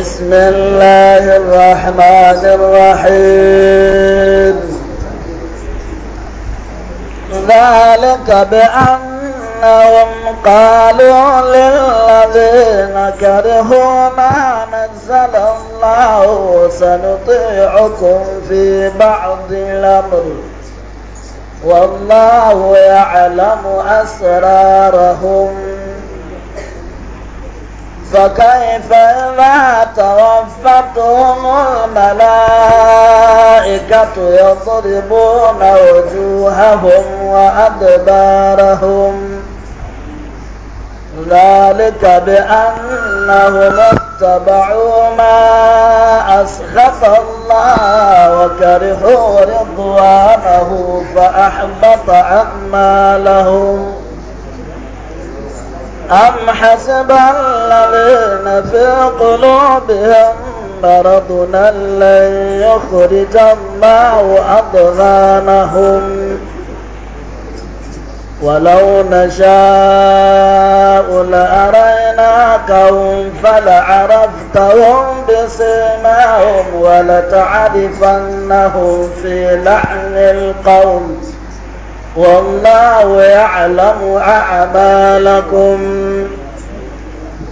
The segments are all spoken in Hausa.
بسم الله الرحمن الرحيم ذلك بأنهم قالوا للذين كرهوا ما نزل الله سنطيعكم في بعض الأمر والله يعلم أسرارهم فكيف إذا توفتهم الملائكة يضربون وجوههم وأدبارهم ذلك بأنهم اتبعوا ما أسخط الله وكرهوا رضوانه فأحبط أعمالهم أم حسب الذين في قلوبهم مرضنا لن يخرج الله أضغانهم ولو نشاء لأريناكهم فلعرفتهم بسيماهم ولتعرفنهم في لحن القوم والله يعلم أعمالكم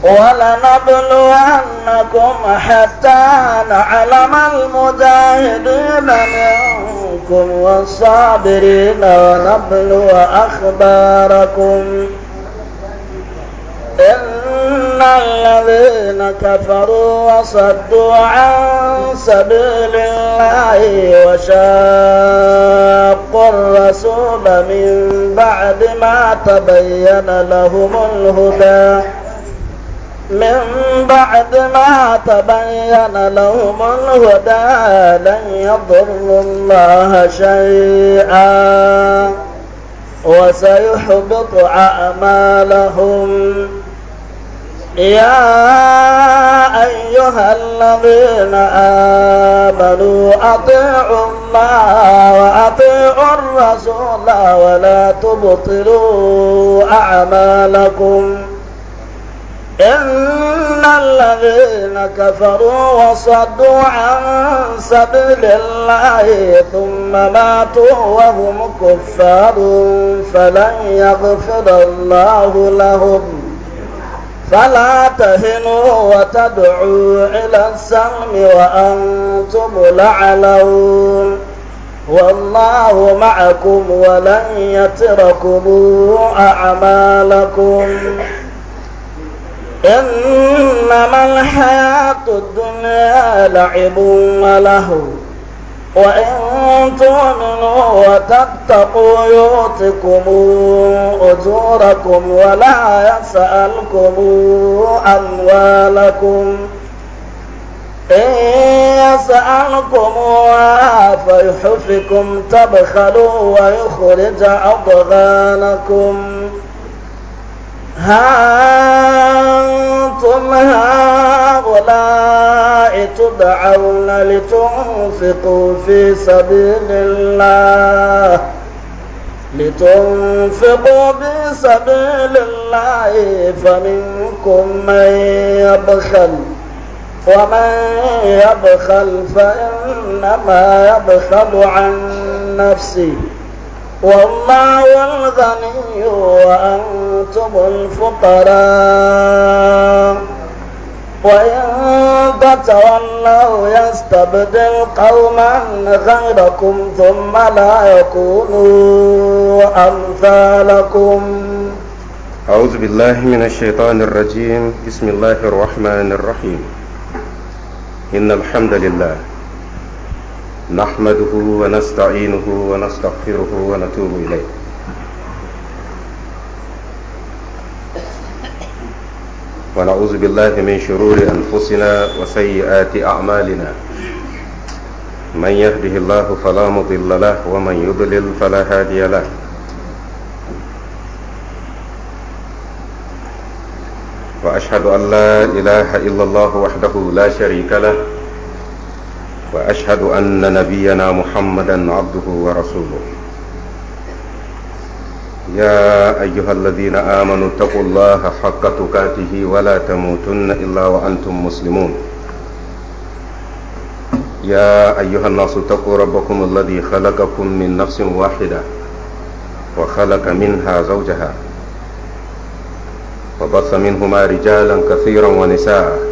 ولنبلونكم حتى نعلم المجاهدين منكم والصابرين ونبلو أخباركم إن الذين كفروا وصدوا عن سبيل الله وشاقوا الرسول من بعد ما تبين لهم الهدى من بعد ما تبين لهم الهدى لن يضروا الله شيئا وسيحبط أعمالهم يا أيها الذين آمنوا أطيعوا الله وأطيعوا الرسول ولا تبطلوا أعمالكم إن الذين كفروا وصدوا عن سبيل الله ثم ماتوا وهم كفار فلن يغفر الله لهم فلا تهنوا وتدعوا إلى السلم وأنتم لعلون والله معكم ولن يتركم أعمالكم إنما الحياة الدنيا لعب ولهو وإن تؤمنوا وتتقوا يؤتكم أجوركم ولا يسألكم أموالكم إن يسألكموها فيحفكم تبخلوا ويخرج أضغانكم ها أنتم هؤلاء تدعون لتنفقوا في سبيل الله لتنفقوا في سبيل الله فمنكم من يبخل ومن يبخل فإنما يبخل عن نفسه والله الغني وأنتم الفقراء وإن تتولوا يستبدل قوما غيركم ثم لا يكونوا أمثالكم أعوذ بالله من الشيطان الرجيم بسم الله الرحمن الرحيم إن الحمد لله نحمده ونستعينه ونستغفره ونتوب إليه ونعوذ بالله من شرور أنفسنا وسيئات أعمالنا من يهده الله فلا مضل له ومن يضلل فلا هادي له وأشهد أن لا إله إلا الله وحده لا شريك له واشهد ان نبينا محمدا عبده ورسوله يا ايها الذين امنوا اتقوا الله حق تقاته ولا تموتن الا وانتم مسلمون يا ايها الناس اتقوا ربكم الذي خلقكم من نفس واحده وخلق منها زوجها وبث منهما رجالا كثيرا ونساء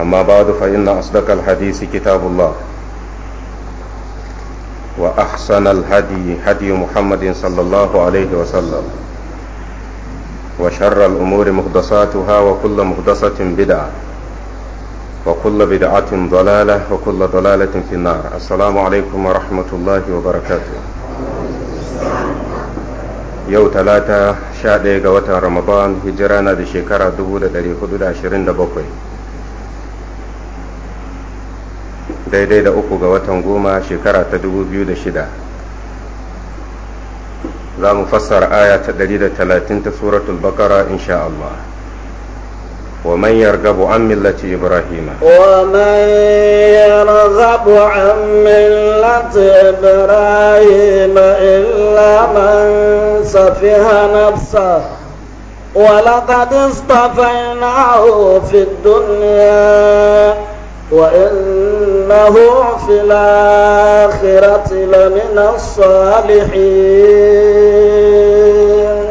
أما بعد فإن أصدق الحديث كتاب الله وأحسن الهدي هدي محمد صلى الله عليه وسلم وشر الأمور مهدساتها وكل مهدسة بدعة وكل بدعة ضلالة وكل ضلالة في النار السلام عليكم ورحمة الله وبركاته yau talata 11 ga watan ramadan hijira na da shekara 1427 daidai da uku ga watan goma shekara ta dubu biyu da shida za mu fassara aya ta ɗari da talatin ta suratul bakara insha Allah wa man yargabu an millati ibrahima wa man yarghabu an millati ibrahima illa man safiha nafsa wa laqad istafaynahu fid dunya وإنه في الآخرة لمن الصالحين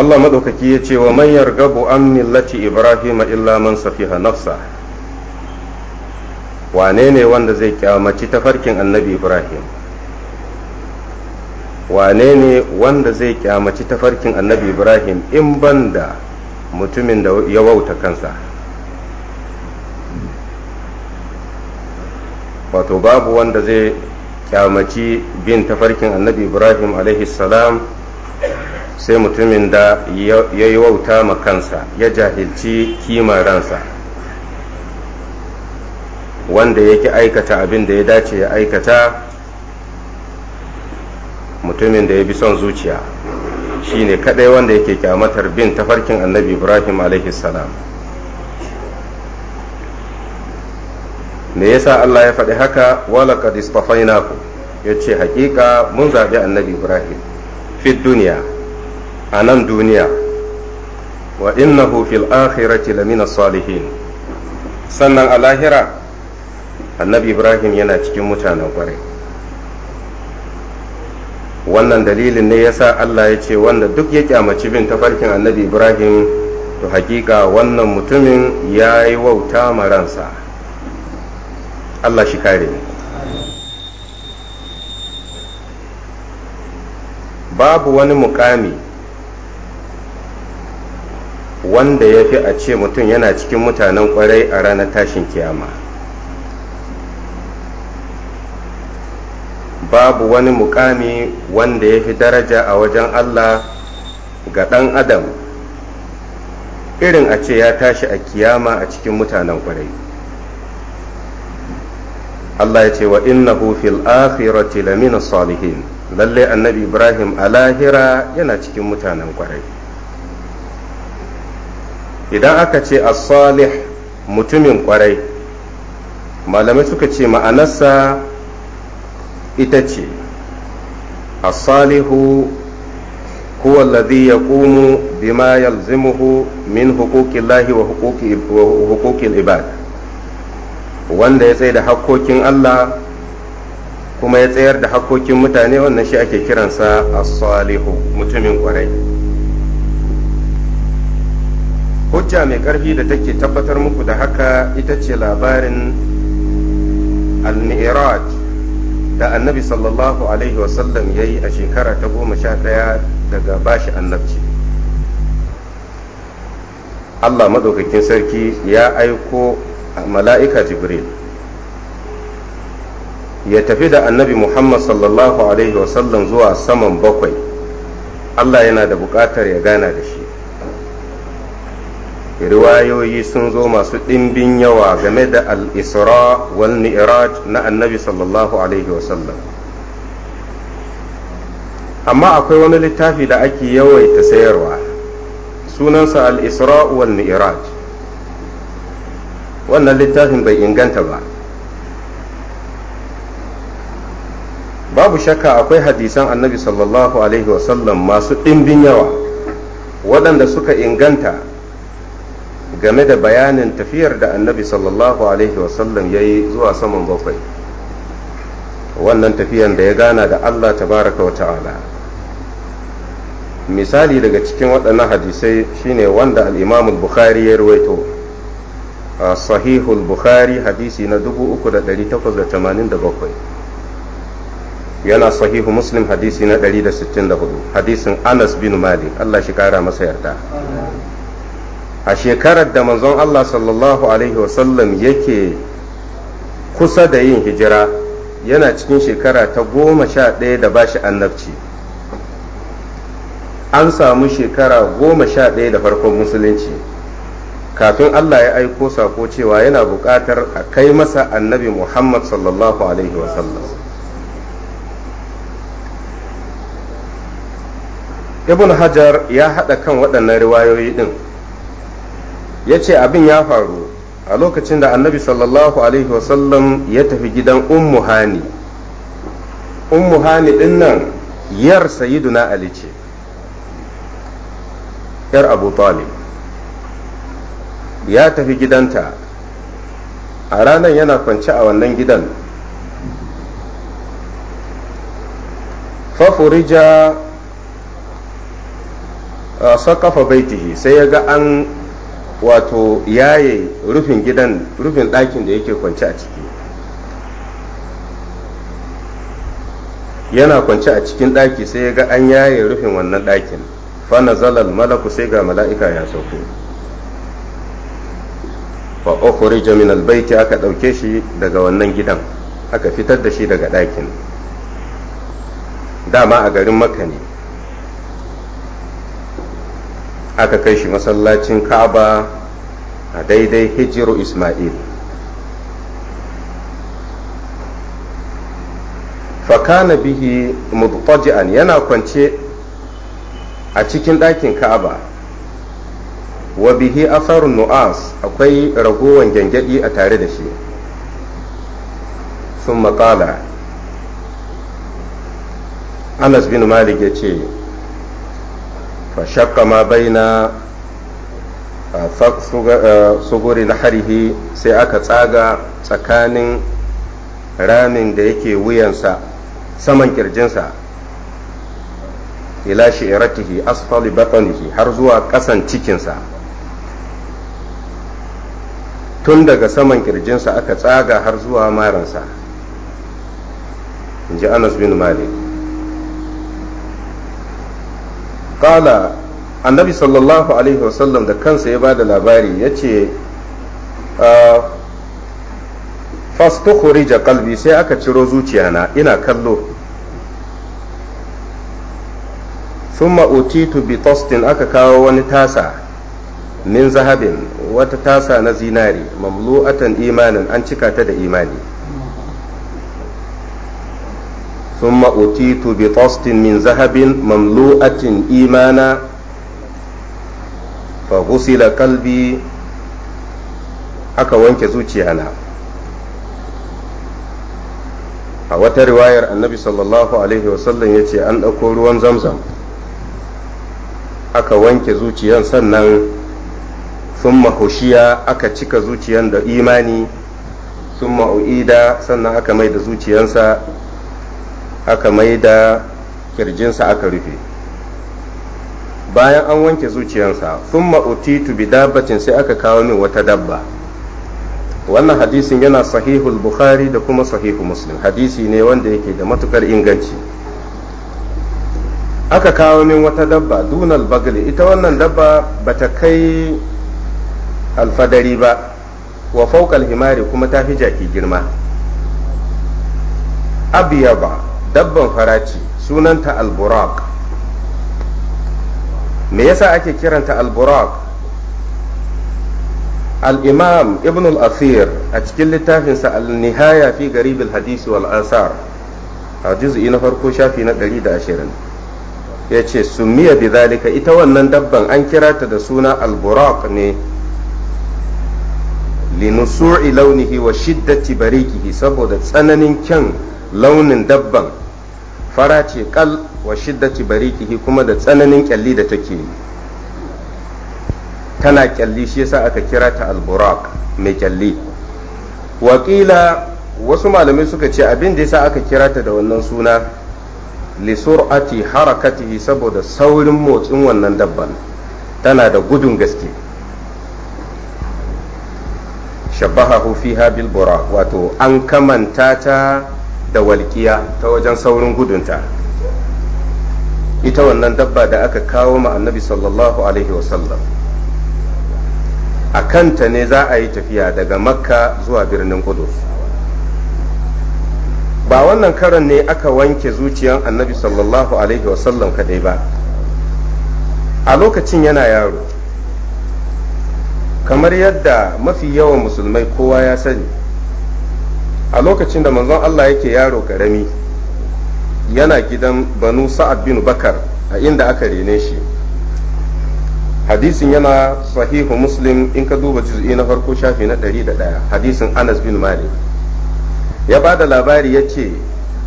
الله مدوككي يتي ومن يرغب عن ملة إبراهيم إلا من سفيها نفسه wane ne wanda zai kyamaci tafarkin annabi ibrahim wane ne wanda zai kyamaci tafarkin annabi ibrahim in banda mutumin da ya wauta kansa wato babu wanda zai kyamaci bin tafarkin annabi ibrahim salam sai mutumin da ya yi wauta ma kansa ya jahilci kimaransa. ransa wanda yake aikata abin da ya dace ya aikata mutumin da ya bi son zuciya shine kadai wanda yake kyamatar bin tafarkin annabi ibrahim salam me yasa Allah ya faɗi haka wala qad istafainaku yace hakika mun zabi annabi Ibrahim fi duniya a nan duniya wa innahu fil akhirati lamina salihin sannan a lahira annabi Ibrahim yana cikin mutanen kwarai wannan dalilin ne yasa Allah ya ce wanda duk ya kyamaci bin tafarkin annabi Ibrahim to hakika wannan mutumin ya yi wauta maransa ransa Allah shi kare mu babu wani mukami wanda ya fi a ce mutum yana cikin mutanen kwarai a ranar tashin kiyama babu wani mukami wanda ya fi daraja a wajen Allah ga ɗan adam irin a ce ya tashi a kiyama a cikin mutanen kwarai Allah ya ce wa innahu fil akhirati lamina salihin lalle annabi Ibrahim a lahira yana cikin mutanen kwarai idan aka ce as-salih mutumin kwarai malamai suka ce ma'anarsa ita ce as-salihu huwa alladhi yaqumu bima yalzimuhu min huquqillahi wa huquqi ibad wanda ya tsaye da hakkokin Allah kuma ya tsayar da hakkokin mutane wannan shi ake kiransa as-salihu mutumin kwarai hujja mai ƙarfi da take tabbatar muku da haka ita ce labarin al-mi'raj da annabi sallallahu alaihi wasallam ya yi a shekara ta goma sha ɗaya daga bashi annabci Allah maɗaukakin sarki ya aiko mala'ika jibril ya tafi da annabi muhammad sallallahu alaihi wasallam zuwa saman bakwai allah yana da buƙatar ya gana da shi riwayoyi sun zo masu ɗimbin yawa game da al-isra wal mi'raj na annabi sallallahu alaihi wasallam amma akwai wani littafi da ake yawaita sayarwa sunansa al-isra wal mi'raj wannan littafin bai inganta ba babu shakka akwai hadisan annabi sallallahu alaihi wasallam masu ɗimbin yawa waɗanda suka inganta game da bayanin tafiyar da annabi sallallahu alaihi wasallam ya yi zuwa saman bakwai wannan tafiyan da ya gana da allah tabaraka wa ta'ala misali daga cikin waɗannan hadisai shine wanda alimamul bukhari ya ruwaito sahihul bukhari hadisi na 3887 yana sahihu muslim hadisi na 164 hadisin anas bin malik Allah shi kara masa yarda a shekarar da manzon Allah sallallahu alaihi wasallam yake kusa da yin hijira yana cikin shekara ta goma sha ɗaya da bashi annabci an samu shekara goma sha ɗaya da farkon musulunci kafin Allah ya aiko sako cewa yana buƙatar a kai masa annabi Muhammad sallallahu alaihi wasallam ibn hajar ya haɗa kan waɗannan riwayoyi ɗin ya ce abin ya faru a lokacin da annabi sallallahu alaihi wasallam ya tafi gidan ummu hani ummu hani ɗin nan yar sayiduna ali ce yar abu talib ya tafi gidanta a ranar yana kwance a wannan gidan fafurija sakafa baitihi sai ya ga an wato yaye rufin gidan rufin ɗakin da yake kwance a ciki yana kwance a cikin ɗaki sai ya ga an yaye rufin wannan ɗakin fa nazalal malaku sai ga mala'ika ya sauko fa ukhrija min albayti aka dauke shi daga wannan gidan aka fitar da shi daga ɗakin dama a garin makka ne aka kai shi masallacin ka'aba a daidai hijiru isma'il fakana bihi mudtaji'an yana kwance a cikin ɗakin ka'aba wa bihi asarun nu'as akwai ragowan gyangyaɗi a tare da shi sun matsala anas bin malik ya ce fashakka ma baina suguri na harihi sai aka tsaga tsakanin ramin da yake wuyansa saman kirjinsa ila shi'iratihi asfali batanihi har zuwa ƙasan cikinsa tun daga saman kirjinsa aka tsaga har zuwa maransa in ji anas bin malik kala annabi sallallahu alaihi wasallam da kansa ya ba da labari ya ce ah, fastukhrija kalbi sai aka ciro zuciyana ina kallo summa utitu bi tastin aka kawo wani tasa min zahabin wata tasa na zinari mamlu'atan imanin an cika ta da imani bi tastin min zahabin mamlu'atin imana fa فغسل kalbi. haka wanke zuciyana a wata riwayar annabi sallallahu alaihi wasallam ya ce an ɗauko ruwan zamzam aka wanke zuciyan sannan sun hushiya aka cika zuciyan da imani sun ma'u'ida sannan aka mai da zuciyansa aka mai da kirjinsa aka rufe bayan an wanke zuciyansa sun ma'utitu bi dabbacin sai aka kawo min wata dabba wannan hadisin yana sahihul bukhari da kuma sahihu muslim hadisi ne wanda yake da matukar inganci aka kawo min wata dabba dunal bagli ita wannan dabba bata kai alfadari ba wa faukal himari kuma ta fi jaki girma abiyaba dabban faraci sunanta alburak me yasa ake kiranta alburak imam ibn al-asir a cikin littafinsa al-nihaya fi al hadisi wal ansar a juz'i na farko shafi na 120 ya ce sumiya bi zalika ita wannan dabban an kira da suna alburak ne linusu'i launihi wa shiddati barikihi saboda tsananin kyan launin dabban fara ce kal wa shiddati barikihi kuma da tsananin kyalli da take yi tana kyalli shi yasa aka kira ta alburak mai kyalli wakila wasu malamai suka ce abin da yasa aka kira ta da wannan suna lisur'ati harakatihi saboda saurin motsin wannan dabban tana da gudun gaske shabbahahu fiha bil bura wato an kamanta ta da walƙiya ta wajen saurin gudunta ita wannan dabba da aka kawo ma annabi sallallahu alaihi wasallam a kanta ne za a yi tafiya daga makka zuwa birnin Qudus ba wannan karan ne aka wanke zuciyan annabi sallallahu alaihi wasallam kadai ba a lokacin yana yaro kamar yadda mafi yawan musulmai kowa ya sani a lokacin da manzon Allah yake yaro karami yana gidan banu sa'ad bin bakar a inda aka rene shi hadisin yana sahihu muslim in ka duba juz'i na farko shafi na ɗaya hadisin anas bin malik ya ba da labari ya ce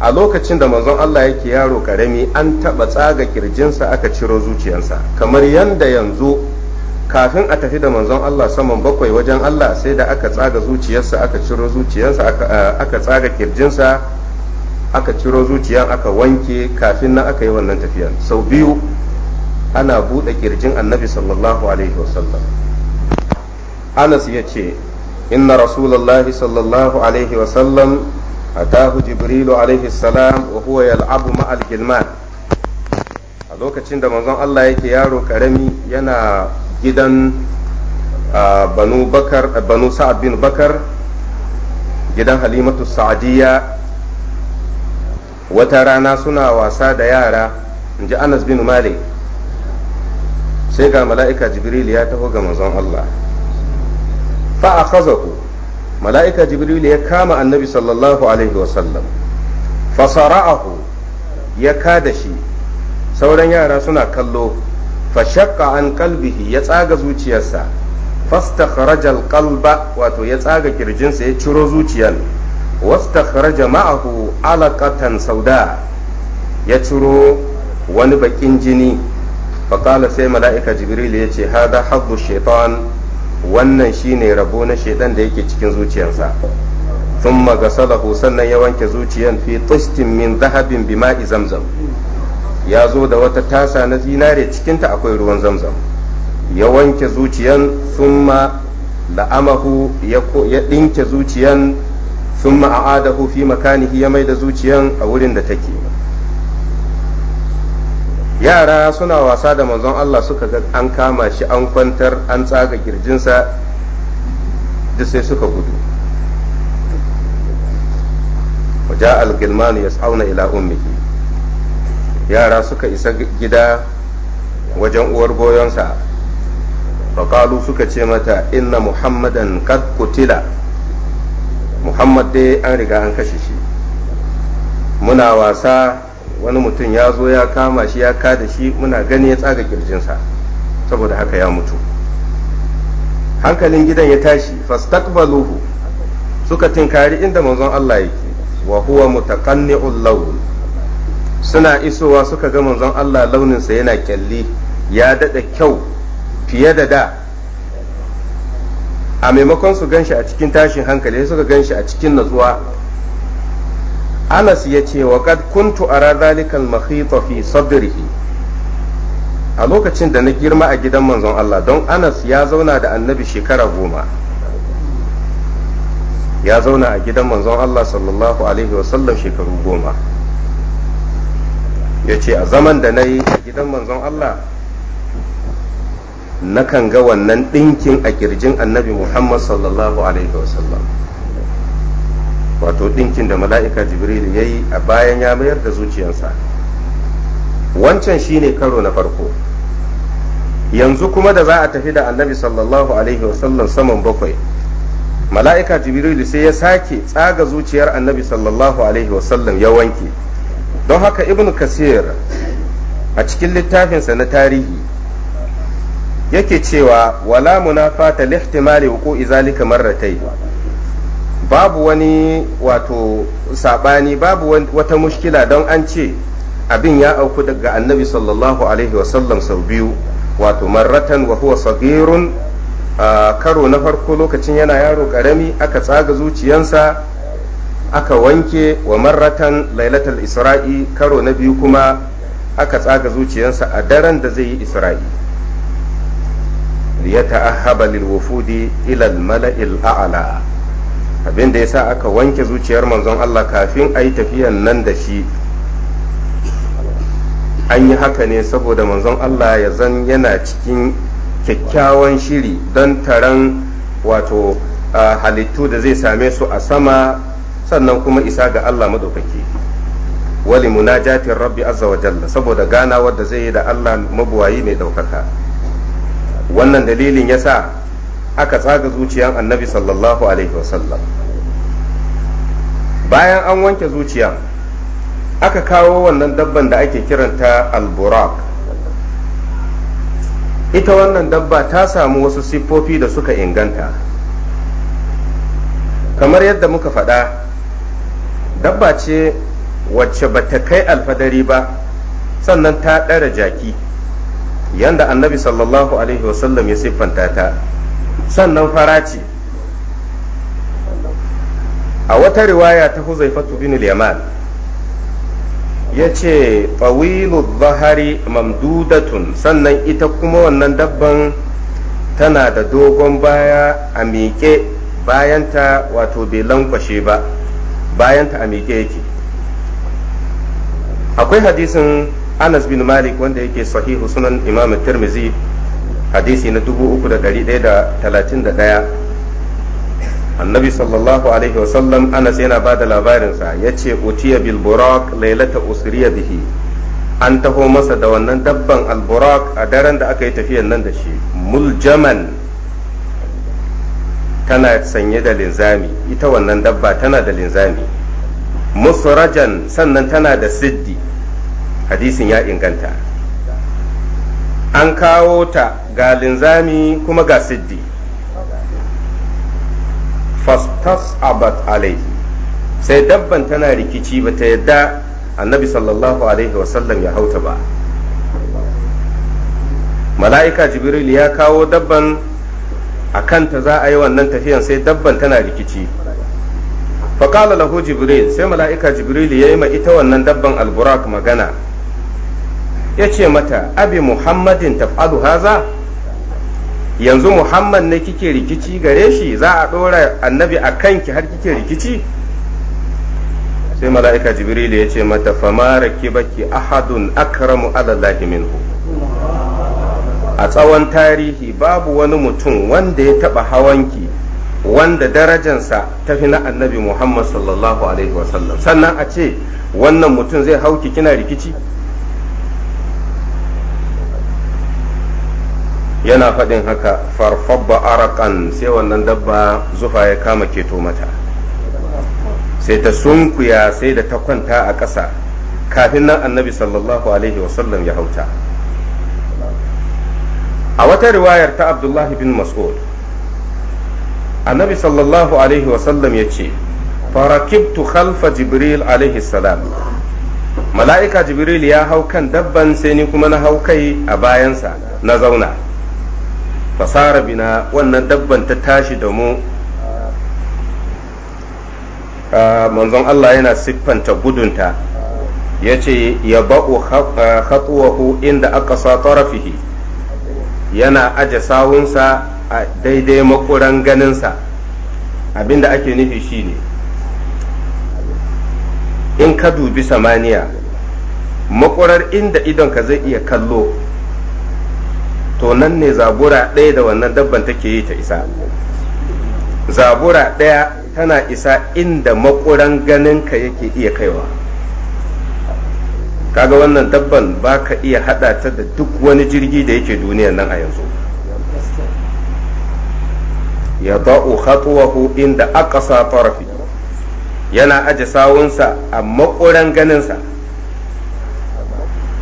a lokacin da manzon Allah yake yaro karami an taɓa tsaga kirjinsa aka ciro zuciyarsa kamar yanda yanzu kafin a tafi da manzon Allah saman bakwai wajen Allah sai da aka tsaga zuciyarsa aka ciro zuciyarsa eh, aka tsaga kirjinsa aka ciro zuciyan aka wanke kafin nan aka yi wannan tafiyan sau biyu ana buɗe kirjin annabi sallallahu alaihi wasallam anas ya ce inna rasulallahi sallallahu alaihi wasallam atahu jibrilu alaihi salam wa huwa yal'abu ma'al gilman a lokacin da manzon Allah yake yaro karami yana gidan banu bakar sa'ad bin bakar gidan halimatu sa'adiyya wata rana suna wasa da yara in ji anas bin malik sai ga mala'ika jibril ya taho ga manzon allah fa ku mala'ika jibril ya kama annabi sallallahu alaihi wasallam fasara'ahu ya kada shi sauran yara suna kallo fashakka an kalbihi ya tsaga zuciyarsa fastakharajal qalba wato ya tsaga kirjinsa ya ciro zuciyar wastakharaja ma'ahu alaqatan sauda ya ciro wani bakin jini faƙala sai mala'ika jibril ya ce hada habbu shaitan wannan shine rabo na shaitan da yake cikin zuciyarsa thumma gasalahu sannan ya wanke zuciyar fi tustin min zahabin bima'i zamzam ya zo da wata tasa na zinare cikinta akwai ruwan zamzam ya wanke zuciyan summa la'amahu ya ɗinke zuciyan summa a'adahu fi makanihi ya mai da zuciyan a wurin da take yara suna wasa da manzon Allah suka ga an kama shi an kwantar an tsaga girjinsa duk sai suka gudu waja al-gilmanu tsauna ila ummihi yara suka isa gida wajen uwar goyonsa faƙalu suka ce mata inna muhammadan kad kutila muhammad dai an riga an kashe shi muna wasa wani mutum ya zo ya kama shi ya kada shi muna gani ya tsaga kirjinsa saboda haka ya mutu hankalin gidan ya tashi fastaqbaluhu suka tinkari inda manzon Allah yake wa huwa mutaqanni'ul lawl suna isowa suka ga manzon Allah launinsa yana kyalli ya daɗa kyau fiye da da a maimakon su ganshi a cikin tashin hankali suka ganshi a cikin natsuwa anas ya ce wa kad kuntu ara zalikal makhita fi sadrihi a lokacin da na girma a gidan manzon Allah don anas ya zauna da annabi shekara goma ya zauna a gidan manzon Allah sallallahu alaihi wasallam shekaru goma ya ce a zaman da na yi a gidan manzon Allah na kan ga wannan ɗinkin a kirjin annabi Muhammad sallallahu alaihi wasallam wato ɗinkin da mala'ika jibril ya yi a bayan ya mayar da zuciyarsa wancan shine karo na farko yanzu kuma da za a tafi da annabi sallallahu alaihi wasallam saman bakwai mala'ika jibril sai ya sake tsaga zuciyar annabi sallallahu alaihi wasallam ya wanke don haka ibn kasir a cikin littafinsa na tarihi yake cewa wala munafata lihtimali wuqu'i izalika marratai babu wani wato sabani babu wata mushkila don an ce abin ya auku daga annabi sallallahu alaihi wasallam sau biyu wato marratan wa huwa sagirun karo na farko lokacin yana yaro karami aka tsaga zuciyansa aka wanke wa marratan lailatul isra'i karo na biyu kuma aka tsaga zuciyarsa a daren da zai yi isra'i ya ta'ahaba lil wufudi ila al mala'il a'la abin da yasa aka wanke zuciyar manzon Allah kafin a yi tafiyan nan da shi an yi haka ne saboda manzon Allah ya zan yana cikin kyakkyawan shiri don taron wato ah, halittu da zai same su a sama sannan kuma isa ga Allah maɗaukaki. wali munajatin rabbi azza wa jalla saboda ganawar da zai yi da Allah mabuwayi mai daukaka wannan dalilin yasa aka tsaga zuciyan annabi sallallahu alaihi wasallam bayan an wanke zuciya aka kawo wannan dabban da ake kiranta alburak ita wannan dabba ta samu wasu siffofi da suka inganta kamar yadda muka faɗa dabba ce wacce ba ta kai alfadari ba sannan ta ɗara jaki yanda annabi sallallahu alaihi wasallam ya siffanta ta sannan fara ce a wata riwaya ta huzaifatu bin yaman ya ce ɓawilu zahari mamdudatun sannan ita kuma wannan dabban tana da dogon baya a miƙe bayanta wato bai lankwashe ba bayan ta a yake akwai hadisin anas bin malik wanda yake sahihu sunan imam tirmizi hadisi na 3131 annabi sallallahu alaihi wasallam anas yana ba da labarinsa ya ce utiya bil burak lailata usriya bihi an taho masa da wannan dabban al burak a daren da aka yi tafiyan nan da shi muljaman tana sanye da linzami ita wannan dabba tana da linzami musrajan sannan tana da siddi hadisin ya inganta an kawo ta ga linzami kuma ga siddi fastas abat alaihi sai dabban tana rikici ba ta yadda annabi sallallahu alaihi wasallam ya hauta ba mala'ika jibril ya kawo dabban a kanta za a yi wannan tafiyan sai dabban tana rikici faƙala lahu jibril sai mala'ika jibril ya yi ma ita wannan dabban alburak magana ya ce mata abi muhammadin taf'alu haza yanzu muhammad ne kike rikici gare shi za a ɗora annabi a kanki har kike rikici sai mala'ika jibril ya ce mata famara ki baki ahadun akramu alallahi minhu a tsawon tarihi babu wani mutum wanda ya taɓa hawanki wanda darajansa ta fi na annabi muhammad sallallahu alaihi wasallam sannan a ce wannan mutum zai hauki kina rikici yana faɗin haka farfabba arakan sai wannan dabba zufa ya kama keto mata sai ta sunkuya sai da ta kwanta a ƙasa kafin nan annabi sallallahu alaihi wasallam ya hauta a wata riwayar ta abdullahi bin mas'ud annabi sallallahu alaihi wasallam ya ce farakibtu khalfa jibril alaihi salam mala'ika jibril ya hau kan dabban sai ni kuma na hau kai a bayansa na zauna fasara bina wannan dabban ta tashi da mu ah, manzon Allah yana siffanta gudunta ya ce ya ba'u hatsuwahu ah, inda aka sa tarafihi yana aje sawunsa a daidai makuran ganinsa abinda ake nufi shine in ka dubi samaniya makurar inda idonka zai iya kallo to nan ne zabura ɗaya da wannan dabban take yi ta isa zabura ɗaya tana isa inda makuran ganinka yake iya kaiwa kaga wannan dabban ba ka iya hada ta da duk wani jirgi da yake duniyan nan a yanzu ya ba'u khatwahu inda aqsa tarafi yana aje sawunsa a makoran ganinsa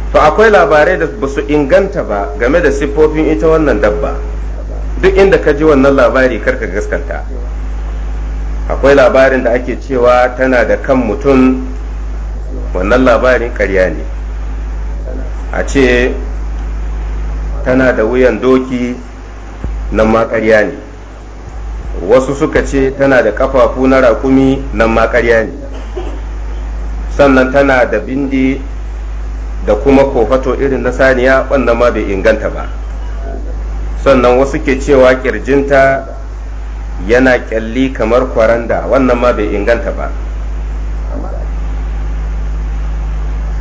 to akwai labarai da ba su inganta ba game da siffofin ita wannan dabba duk inda ka ji wannan labari karka gaskanta akwai labarin da ake cewa tana da kan mutum wannan labarin karya ne a ce tana da wuyan doki nan ma karya ne wasu suka ce tana da kafafu na raƙumi nan ma karya ne sannan tana da bindi da kuma kofato irin na saniya wannan ma bai inganta ba sannan wasu ke cewa kirjinta yana kyalli kamar kwaranda wannan ma bai inganta ba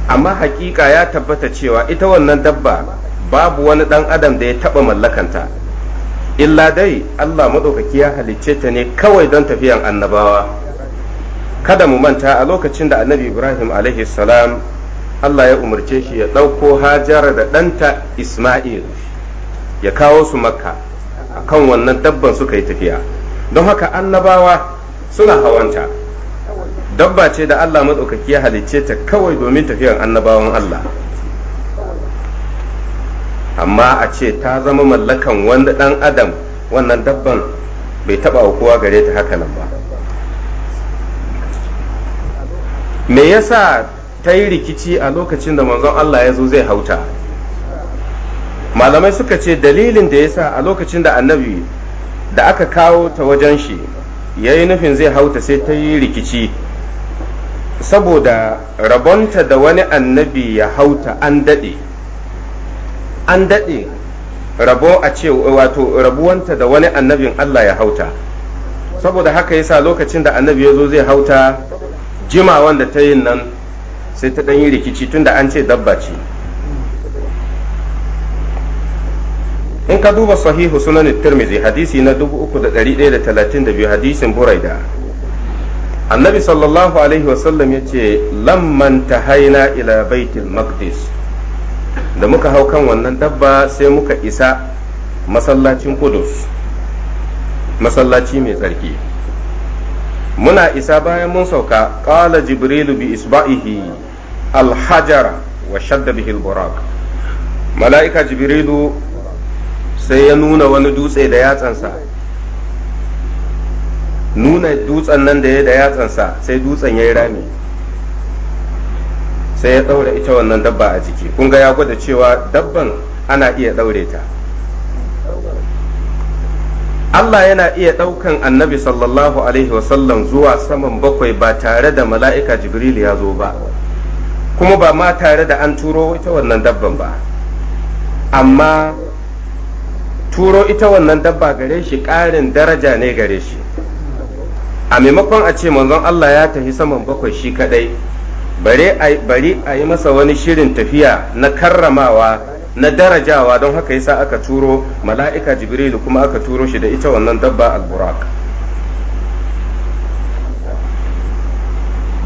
amma hakika ya tabbata cewa ita wannan dabba babu wani dan adam da ya taba mallakanta illa dai Allah madaukaki ya halicce ta ne kawai don tafiyan annabawa kada mu manta a lokacin da annabi ibrahim salam Allah ya umarce shi ya ɗauko hajara da ɗanta isma'il ya kawo su makka akan wannan dabban suka yi tafiya don haka annabawa suna hawanta dabba ce da Allah maɗaukaki ya halicce ta kawai domin tafiyan annabawan Allah amma a ce ta zama mallakan wani ɗan adam wannan dabban bai taɓa wa kowa gare ta haka nan ba me yasa ta yi rikici a lokacin da manzon Allah ya zo zai hauta malamai suka ce dalilin da yasa a lokacin da annabi da aka kawo ta wajen shi ya yi nufin zai hauta sai ta yi rikici saboda rabonta da wani annabi ya hauta an daɗe an daɗe rabo a ce wato rabuwanta da wani annabin Allah ya hauta saboda haka yasa lokacin da annabi ya zo zai hauta jimawa wanda ta yin nan sai ta ɗan yi rikici tunda an ce dabba ce in ka duba sahihu sunan tirmizi hadisi na 3132 hadisin buraida annabi sallallahu alaihi wasallam ya ce lamman Haina ila baitul maqdis da muka hau kan wannan dabba sai muka isa masallacin kudus masallaci mai tsarki muna isa bayan mun sauka ƙala jibrilu bi isba'ihi alhajara wa shadda bihi alburaq mala'ika jibrilu sai ya nuna wani dutse da yatsansa nuna dutsen nan da ya da yatsansa sai dutsen ya yi rami sai ya ɗaure ita wannan dabba a jiki kun ga ya gwada cewa dabban ana iya ɗaure ta Allah yana iya ɗaukan annabi sallallahu alaihi wasallam zuwa saman bakwai ba tare da mala'ika jibril ya zo ba kuma ba ma tare da an turo ita wannan dabban ba amma turo ita wannan dabba gare shi ƙarin daraja ne gare shi a maimakon a ce manzon Allah ya tafi saman bakwai shi kadai bari a yi masa wani shirin tafiya na karramawa na darajawa don haka yasa aka turo mala'ika jibrilu kuma aka turo shi da ita wannan dabba al-buraq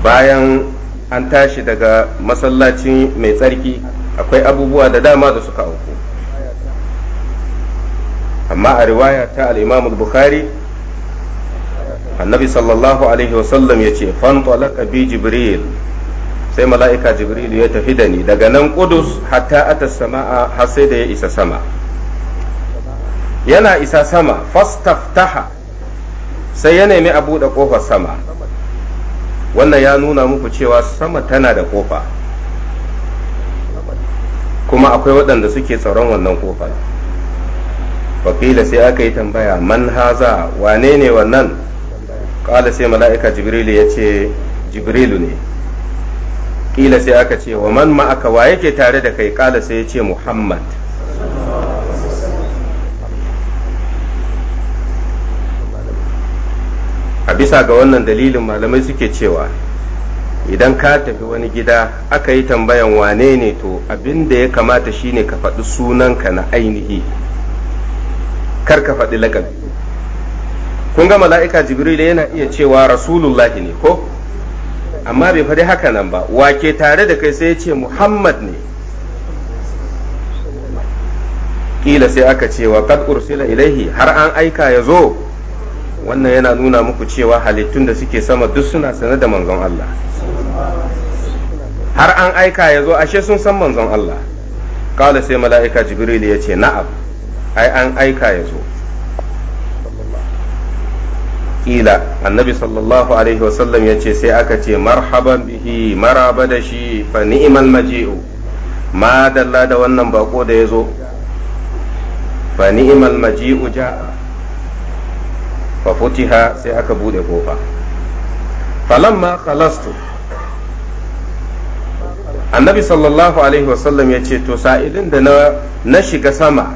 bayan an tashi daga masallaci mai tsarki akwai abubuwa da dama da suka auku amma a riwaya ta al-imam al-bukhari annabi sallallahu alaihi wasallam ya ce fantalaka bi jibril sai mala'ika jibril ya tafi da ni daga nan kudus hatta ata sama'a har sai da ya isa sama yana isa sama fastaftaha sai ya nemi a buɗe ƙofar sama wannan ya nuna muku cewa sama tana da ƙofa kuma akwai waɗanda suke tsaron wannan ƙofar wakila sai aka yi tambaya man haza wane ne wannan kala sai mala'ika jibrilu ya ce jibrilu ne ƙila sai aka ce wa man ma'aka wa yake tare da kai kala sai ya ce muhammad a bisa ga wannan dalilin malamai suke cewa idan ka tafi wani gida aka yi tambayan wane ne to abinda ya kamata shine ka faɗi sunanka na ainihi kar ka faɗi lakabi kun ga mala'ika jibril yana iya cewa rasulullahi ne ko amma bai faɗi haka nan ba wake tare da kai sai ya ce muhammad ne kila sai aka cewa kad ursila ilaihi har an aika ya zo wannan yana nuna muku cewa halittun da suke sama duk suna sana da manzon Allah har an aika ya zo ashe sun san manzon Allah kala sai mala'ika jibril ya ce na'am ai an aika ya zo kila annabi sallallahu alaihi wasallam ya ce sai aka ce marhaban bihi maraba da shi fa ni'mal maji'u ma dalla da wannan bako da ya zo fa ni'mal maji'u ja'a fa futiha sai aka bude kofa falamma khalastu annabi sallallahu alaihi wasallam ya ce to sa'ilin da na shiga sama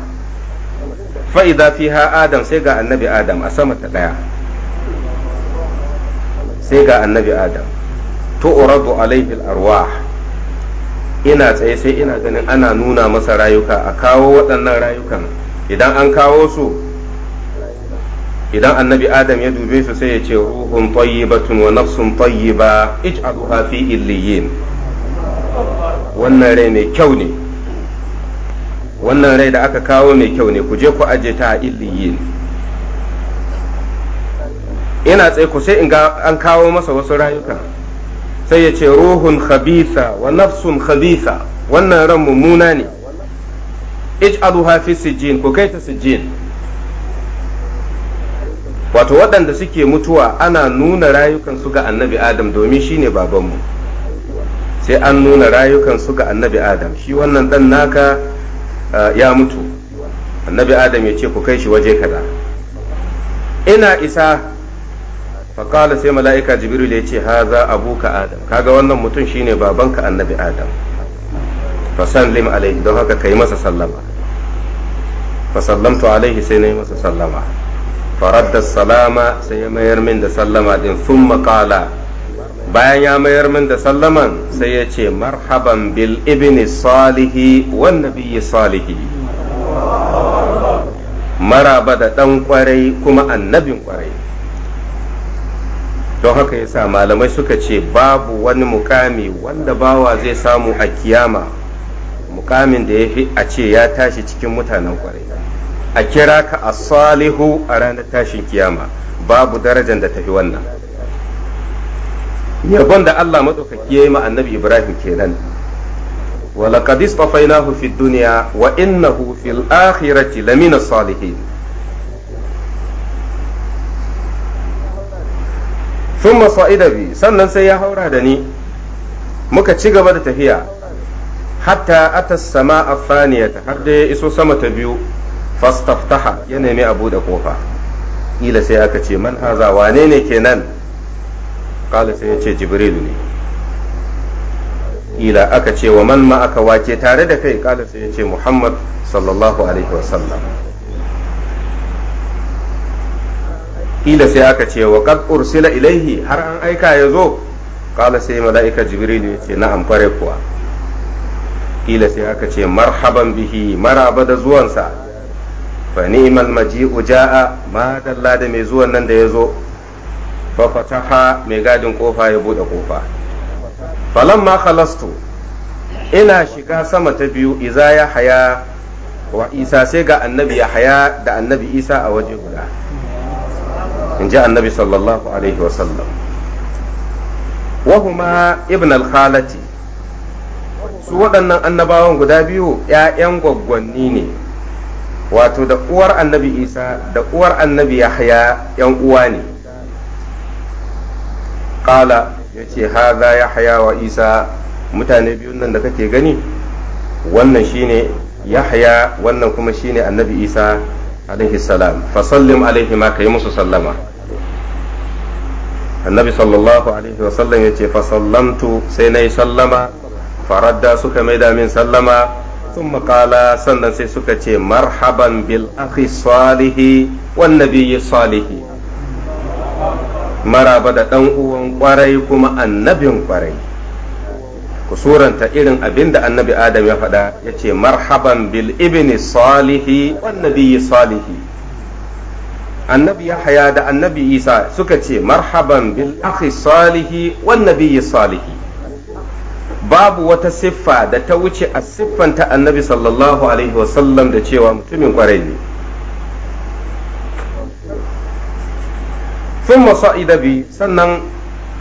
fa'iza fiha adam sai ga annabi adam a sama ta daya sai ga annabi adam uradu alaihi al-arwah ina tsaye sai ina ganin ana nuna masa rayuka a kawo waɗannan rayukan idan an kawo su idan annabi adam ya dube su sai ya ce ruhun tayyibatun wa nafsun tayyiba ij'aluha fi illiyin wannan rai mai kyau ne wannan rai da aka kawo mai kyau ne ku je ku aje ta a illiyin yana tsaye ku sai in ga an kawo masa wasu rayuka sai ya ce ruhun khabitha wa nafsun khabitha wannan ran mummuna ne ij'aluha fi sijjin ku kai ta sijjin wato waɗanda suke mutuwa ana nuna rayukan su ga annabi adam domin shine babanmu sai an nuna rayukan su ga annabi adam shi wannan dan naka ya mutu annabi adam ya ce ku kai shi waje kaza ina isa faƙala sai mala'ika jibril ya ce ha za haza abuka adam kaga wannan mutum shine babanka annabi adam fasallim alaihi don haka ka yi masa sallama fasallamtu alaihi sai na yi masa sallama faradda salama sai ya mayar min da sallama din sun maƙala bayan ya mayar min da sallaman sai ya ce marhaban bil ibni salihi wan nabiyyi salihi maraba da dan kwarai kuma annabin kwarai don haka yasa malamai suka ce babu wani mukami wanda bawa zai samu a kiyama mukamin da ya fi a ce ya tashi cikin mutanen kwarai a kira ka a salihu a ranar tashin kiyama babu darajar da tafi wannan yabon da Allah maɗaukaki ya yi ma annabi Ibrahim kenan ولقد اصطفيناه duniya wa innahu hufi akhirati lamina salihi. sun masa'ida bi sannan sai ya haura da ni muka ci gaba da tafiya hatta ata sama a ta, har da ya iso sama ta biyu fastaftaha ya nemi abu da kofa ila sai aka ce man haza wane ne kenan kala sai ya ce jibrilu ne ila aka ce wa man ma aka wace tare da kai kala sai ya ce muhammad sallallahu alaihi wasallam kila sai aka ce wa kad ursila ilaihi har an aika ya zo kala sai mala'ika jibril ya ce na'am fare kuwa kila sai aka ce marhaban bihi maraba da zuwansa fa ni'mal maji'u ja'a ma dalla da mai zuwan nan da ya zo fa fataha mai gadin kofa ya bude kofa ma khalastu ina shiga sama ta biyu iza haya wa isa sai ga annabi ya haya da annabi isa a waje guda in ji annabi sallallahu alaihi wasallam wahuma ibn al-khalati su waɗannan annabawan guda biyu 'ya'yan gwaggwanni ne wato da uwar annabi isa da uwar annabi yahya 'yan uwa ne ƙala ya ce haza yahya wa isa mutane biyun nan da kake gani wannan shine yahya wannan kuma shine annabi isa alaihi salam fa alaihi ma kai musu sallama annabi sallallahu alaihi wa sallam yace fa sallamtu sai nayi sallama faradda suka maida min sallama thumma qala sannan sai suka ce marhaban bil akhi salihi wan nabiyyi salihi maraba da dan uwan kwarai kuma annabin kwarai ku suranta irin abin da annabi adam ya faɗa ya ce marhaban bil ibni salihi wan salihi annabi yahaya da annabi isa suka ce marhaban bil akhi salihi wan salihi babu wata siffa da ta wuce a siffanta annabi sallallahu alaihi wasallam da cewa mutumin kwarai ne sun masa'ida bi sannan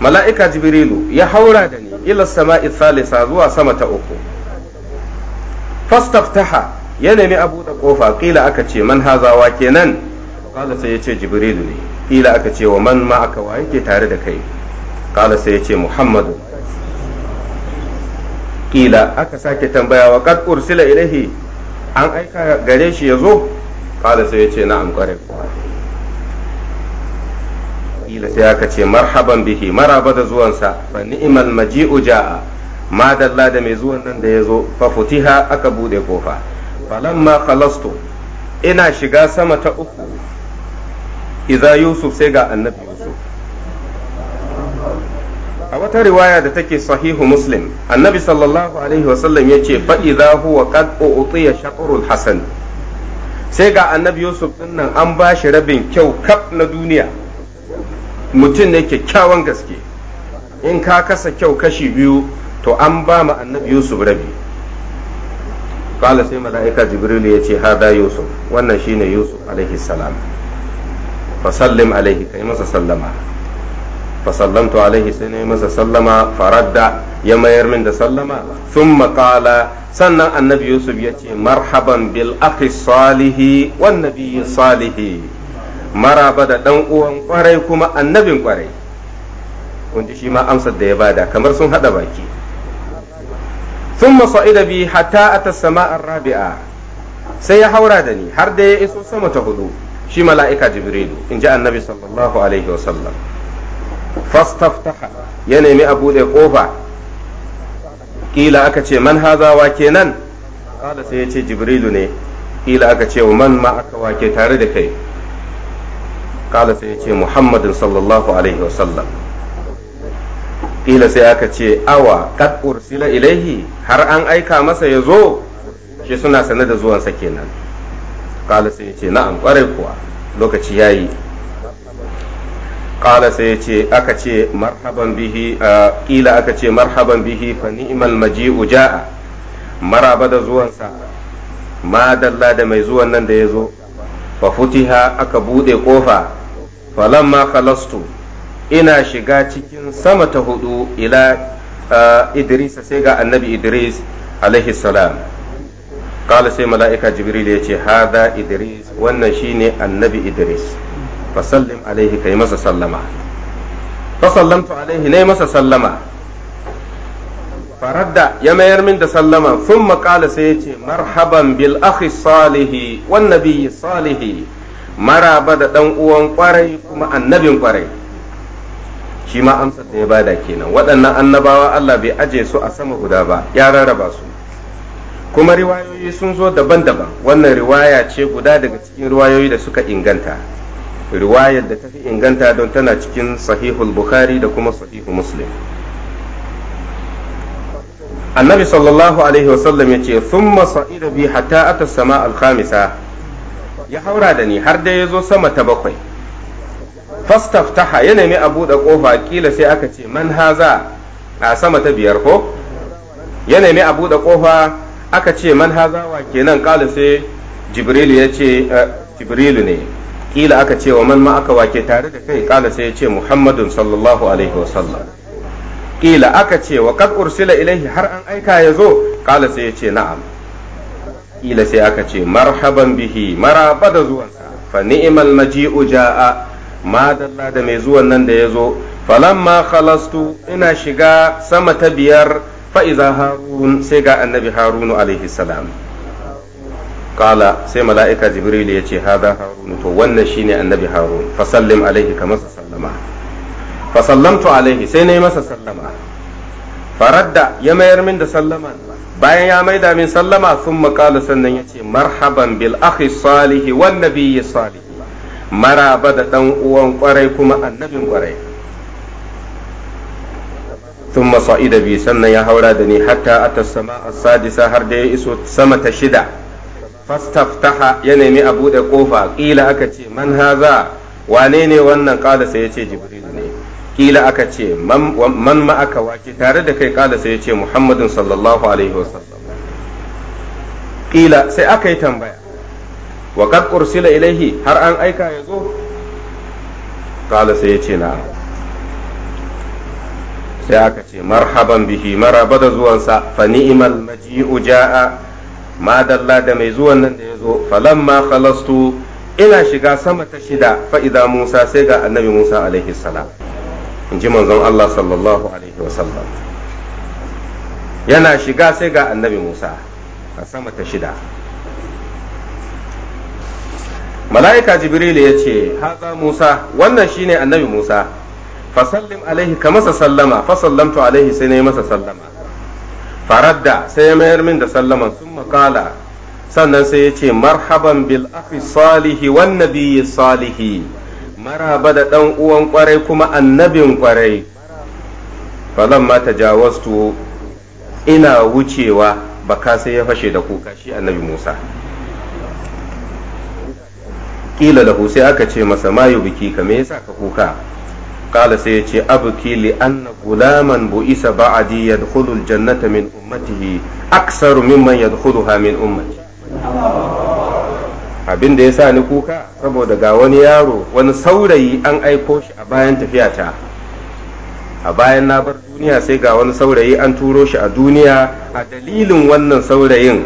mala'ika jibrilu ya haura da ni ila sama'i salisa zuwa sama ta uku fastaftaha ya nemi abu da kofa kila aka ce man hazawa kenan kala sai ya ce jibrilu ne kila aka ce wa man ma aka wa yake tare da kai kala sai ya ce muhammadu kila aka sake tambaya wa kad ursila ilahi an aika gare shi ya zo kala sai ya ce na'am kwarai kila sai aka ce marhaban bihi maraba da zuwansa fa ni'mal maji'u ja'a ma dalla da mai zuwan nan da ya zo fa futiha aka bude kofa falamma khalastu ina shiga sama ta uku idza yusuf sai ga annabi yusuf a wata riwaya da take sahihu muslim annabi sallallahu alaihi wasallam ya ce fa idza huwa qad u'tiya shatrul hasan sai ga annabi yusuf din nan an ba shi rabin kyau kaf na duniya mutum ne kyakkyawan gaske in ka kasa kyau kashi biyu to an ba mu annabi yusuf rabi kala sai mala'ika jibril ya ce hada yusuf wannan shine yusuf alaihi salam fa sallim alaihi kai masa sallama fa sallamtu alaihi sai ne masa sallama faradda ya mayar min da sallama thumma qala sannan annabi yusuf ya ce marhaban bil akhi salihi wan nabiyyi salihi maraba da ɗan uwan kwarai kuma annabin kwarai kunji shi ma amsar da ya bada kamar sun hada baki sun masaida bi hatta a sama'ar rabi'a sai ya haura da ni har da ya iso sama ta hudu shi mala'ika jibrilu in ji annabi sallallahu alaihi wasallam fastaftaha ya nemi a buɗe ƙofa ƙila aka ce man hazawa kenan ƙala sai ya ce jibrilu ne ƙila aka ce man ma aka wake tare da kai kala sai ya ce muhammadin sallallahu alaihi wasallam ƙila sai aka ce awa kad ursila ilaihi har an aika masa ya zo shi suna sane da zuwansa kenan kala sai ya ce na'am ƙwarai kuwa lokaci yi kala sai ya ce aka ce marhaban bihi ƙila aka ce marhaban bihi fa ni'mal maji'u ja'a maraba da zuwansa ma dalla da mai zuwan nan da ya zo fa futiha aka bude kofa falamma khalastu ina shiga cikin sama ta hudu ila idris sai ga annabi idris alaihi salam kala sai mala'ika jibril ya ce hada idris wannan shine annabi idris fasallim alaihi kai masa sallama fasallamtu alaihi ne masa sallama faradda ya mayar min da sallama sun makala sai ya ce marhaban bil akhi salihi wan nabiyyi salihi maraba da ɗan uwan kwarai kuma annabin kwarai shi ma amsar da ya bada kenan waɗannan annabawa Allah bai aje su a sama guda ba ya rarraba su kuma riwayoyi sun zo daban-daban wannan riwaya ce guda daga cikin riwayoyi da suka inganta riwayar da ta fi inganta don tana cikin sahihul bukhari da kuma sahihu muslim annabi sallallahu alaihi wasallam ya ce thumma sa'ida bi hatta ata sama al-khamisa ya haura da ni har dai ya zo sama ta bakwai fastaftaha ya nemi a buɗe ƙofa kila sai aka ce man haza a sama ta biyar ko ya nemi a buɗe ƙofa aka ce man haza wa kenan ƙala sai jibrilu ya ce eh, jibrilu ne kila aka ce wa man ma aka wake tare da kai ƙala sai ya ce muhammadun sallallahu alaihi sallam kila aka ce wa kad ursila ilaihi har an aika ya zo ƙala sai ya ce na'am kila sai aka ce marhaban bihi maraba da zuwansa fa ni'mal maji'u ja'a madalla da mai zuwan nan da ya zo falamma khalastu ina shiga sama ta biyar fa'iza harun sai ga annabi harunu alaihi salam kala sai mala'ika jibril ya ce hada harunu to wannan shine annabi harun fasallim alaihi ka masa sallama fasallamtu alaihi sai na masa sallama faradda ya mayar min da sallama bayan ya maida min sallama sun makala sannan ya ce marhaban bil akhi salihi wan nabiyyi salihi maraba da dan uwan kwarai kuma annabin kwarai sun masa'ida bi sannan ya haura da ni hatta ata sama sadisa har da ya iso sama ta shida fastaftaha ya nemi a buɗe kofa ƙila aka ce man haza wane ne wannan ƙalasa sai ya ce jibril ne kila aka ce man ma aka wake tare da kai kala sai ya ce muhammadin sallallahu alaihi wasallam kila sai aka yi tambaya wa kad ursila ilaihi har an aika ya zo kala sai ya ce na sai aka ce marhaban bihi maraba da zuwansa fa ni'mal maji'u ja'a ma dalla da mai zuwan nan da ya zo falamma khalastu ina shiga sama ta shida fa idza musa sai ga annabi musa alaihi salam in ji manzon Allah sallallahu alaihi wasallam yana shiga sai ga annabi Musa a sama ta shida mala'ika jibril ya ce haza Musa wannan shine annabi Musa fasallim alaihi ka masa sallama fasallamtu alaihi sai na yi masa sallama faradda sai ya mayar min da sallaman sun makala sannan sai ya ce marhaban bil akhi salihi wannan nabiyyi salihi maraba da ɗan uwan kwarai kuma annabin kwarai falon ma tajawastu ina wucewa baka sai ya fashe da kuka shi annabi musa kila da sai aka ce masa mayu biki ka me yasa ka kuka kala sai ya ce abuki li anna gulaman bu'isa ba'adi yadkhulul jannata min ummatihi aksaru mimman yadkhuluha min ummati abin da ya sa ni kuka saboda ga wani yaro wani saurayi an aiko shi a bayan tafiyata a bayan na bar duniya sai ga wani saurayi an turo shi a duniya a dalilin wannan saurayin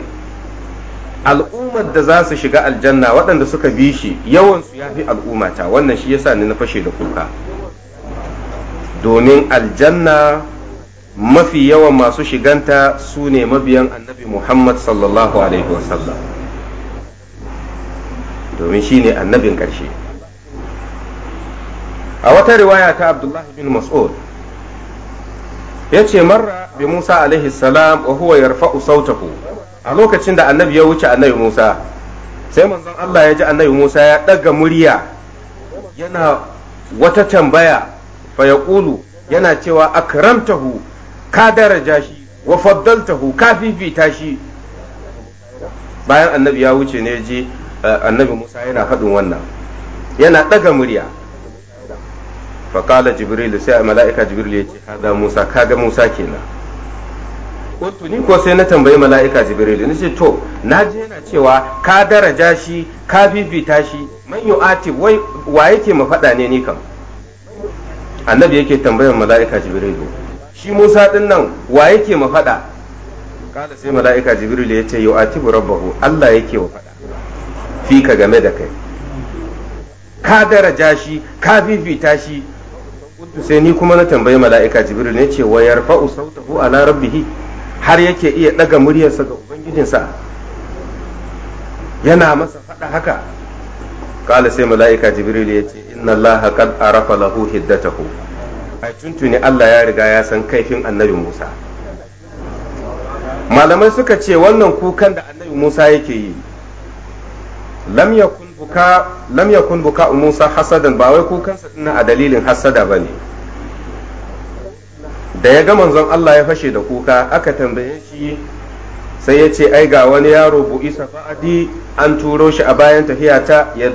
al'ummar da za su shiga aljanna waɗanda suka bi shi yawansu ya fi al'ummata wannan shi ya sa ni na fashe da kuka domin aljanna mafi yawan masu shiganta su ne mabiyan annabi muhammad sallallahu alaihi wasallam domin shi ne annabin ƙarshe a wata riwaya ta abdullahi bin mas'ud ya ce marra bi musa alaihi salam wa huwa yarfa'u sautahu a lokacin da annabi ya wuce annabi musa sai manzon allah ya ji annabi musa ya ɗaga murya yana wata tambaya fa ƙulu yana cewa akramtahu ka daraja shi wa faddaltahu ka fifita shi bayan annabi ya wuce ne ya je Eh, annabi Musa yana faɗin wannan yana ɗaga murya faƙala jibril sai a mala'ika jibril ya ce haɗa musa kaga musa kenan ko ni ko sai na tambayi mala'ika jibril ni ce to na je yana cewa ka daraja shi ka bibita shi man yu'ati wai wa yake mu faɗa ne ni kam annabi yake tambayar mala'ika jibril shi musa din nan wa yake mu faɗa kada sai mala'ika jibril ya ce yu'ati rabbahu Allah yake wa faɗa Fika game da kai ka daraja shi ka fifita shi sai ni kuma na tambayi mala'ika jibril ne ce wa yarfa'u sautahu ala rabbih har yake iya daga muryarsa ga ubangijinsa yana masa faɗa haka kala sai mala'ika jibril ya ce inna allaha qad arafa lahu hiddatahu a tuntuni Allah ya riga ya san kaifin annabi Musa malamai suka ce wannan kukan da annabi Musa yake yi lam yakun buka Musa hasadan ba wai kukansa dinnan a dalilin hasada ba ne da ya ga manzon Allah ya fashe da kuka aka tambaye shi sai ya ce ai ga wani yaro bu'isa fa'adi an turo shi a bayan tafiyata ya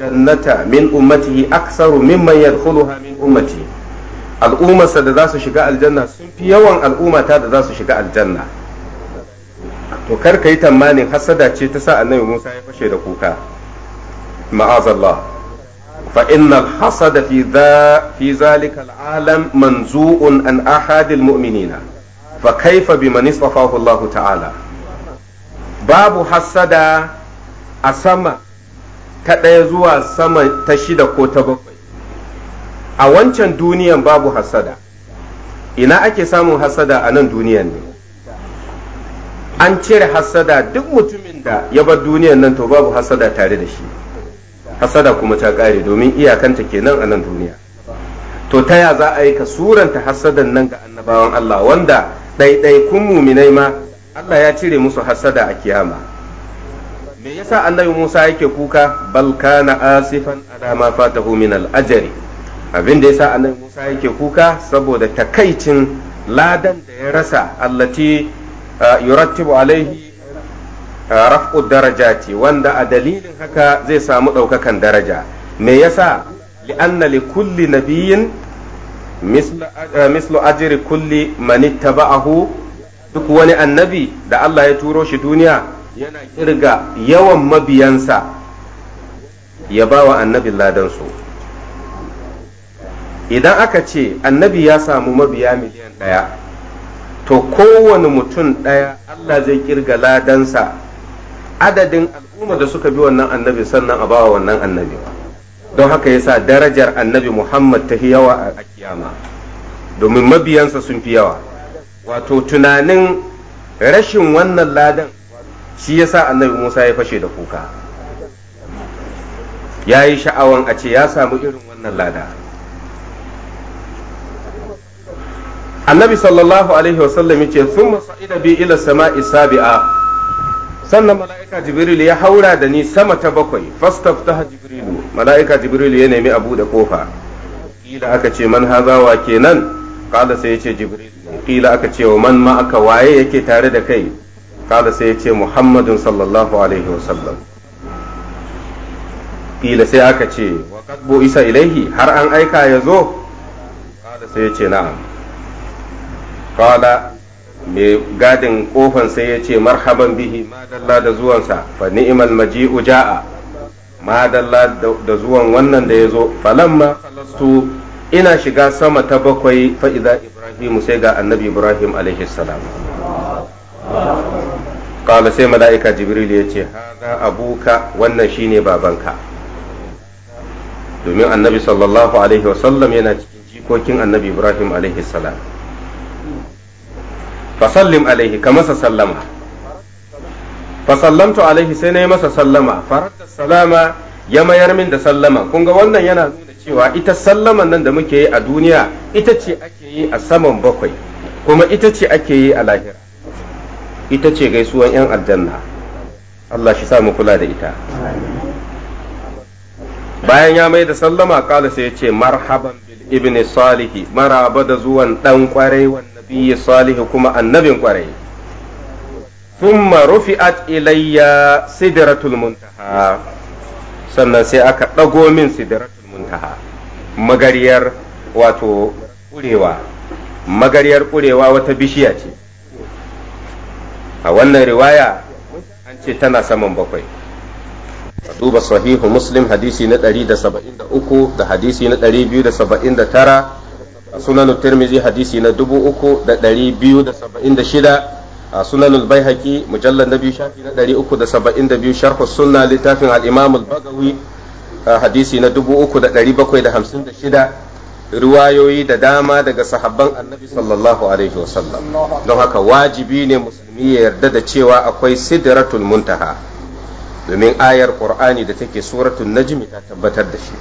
jannata min ummatihi aksaru mimman yadkhuluha min ummati al'ummarsa da za su shiga aljanna sun fi yawan al'ummata da za su shiga aljanna to karka ka yi tamanin hasada ce ta sa annabi Musa ya fashe da kuka ma'azallah fa innal hasada fi dha fi zalika al'alam manzu'un an ahadil mu'minina fa kaifa biman istafahu Allah ta'ala babu hasada a sama ta ɗaya zuwa sama ta shida ko ta bakwai a wancan duniyan babu hasada ina ake samun hasada a nan duniyan ne an cire hasada duk mutumin da ya bar duniyar nan to babu hasada tare da shi hasada kuma ta ƙare domin iyakanta kenan a nan duniya to ta ya za a yi ka suranta hasadan nan ga annabawan Allah wanda kun muminai ma Allah ya cire musu hasada a kiyama me yasa annabi Musa yake kuka bal kana asifan ala ma fatahu min al ajri abin da yasa annabi Musa yake kuka saboda takaicin ladan da ya rasa allati yurattibu alaihi raf'u darajati wanda a dalilin haka zai samu ɗaukakan daraja me yasa li'anna li kulli nabiyyin mislu ajri kulli man ittaba'ahu duk wani annabi da Allah ya turo shi duniya yana kirga yawan mabiyansa ya bawa annabi ladansu idan aka ce annabi ya samu mabiya miliyan ɗaya to kowane mutum ɗaya Allah zai kirga ladansa adadin al'umma da suka bi wannan annabi sannan a bawa wannan annabi don haka yasa darajar annabi Muhammad ta yawa a kiyama domin mabiyansa sun fi yawa wato tunanin rashin wannan ladan shi yasa annabi Musa ya fashe da kuka ya yi sha'awan a ce ya samu irin wannan lada annabi sallallahu alaihi wasallam yace thumma sa'ida bi ila sama'i sabi'a sannan mala'ika jibril ya haura da ni sama ta bakwai fastaftaha jibrilu mala'ika jibril ya nemi abu da kofa kila aka ce man hazawa kenan kala sai ya ce jibril kila aka ce wa man ma aka waye yake tare da kai kala sai ya ce muhammadun sallallahu alaihi wasallam kila sai aka ce wa qad isa ilaihi har an aika ya zo kala sai ce na'am qala mai gadin kofan sai ya ce marhaban bihi madalla da zuwansa fa ni'mal maji'u ja'a madalla da zuwan wannan da ya zo falamma falastu ina shiga sama ta bakwai fa idza ibrahim sai ga annabi ibrahim alaihi salam qala sai mala'ika jibril ya ce haza abuka wannan shine babanka domin annabi sallallahu alaihi wasallam yana cikin jikokin annabi ibrahim alaihi salam fasallim alaihi ka masa sallama fasallamtu alaihi sai na yi masa sallama faratta salama ya mayar min da sallama kun ga wannan yana nuna cewa ita sallaman nan da muke yi a duniya ita ce ake yi a saman bakwai kuma ita ce ake yi a lahira ita ce gaisuwan 'yan aljanna Allah shi sa mu kula da ita bayan ya mai da sallama kala sai ya ce marhaban bil ibn salihi maraba da zuwan dan kwarai wan salihi kuma annabin kwarai thumma rufi'at ilayya sidratul muntaha sannan sai aka dago min sidratul muntaha magariyar wato kurewa magariyar kurewa wata bishiya ce a wannan riwaya an ce tana saman bakwai duba sahihu muslim hadisi na 173 da hadisi na 279 a sunan tirmizi hadisi na 3276 a sunan albayhaqi mujallal na biyu shafi na 372 sharh sunna littafin al-imam al-bagawi hadisi na 3756 riwayoyi da dama daga sahabban annabi sallallahu alaihi wasallam don haka wajibi ne musulmi ya yarda da cewa akwai sidratul muntaha domin ayar qur'ani da take suratun najmi ta tabbatar da shi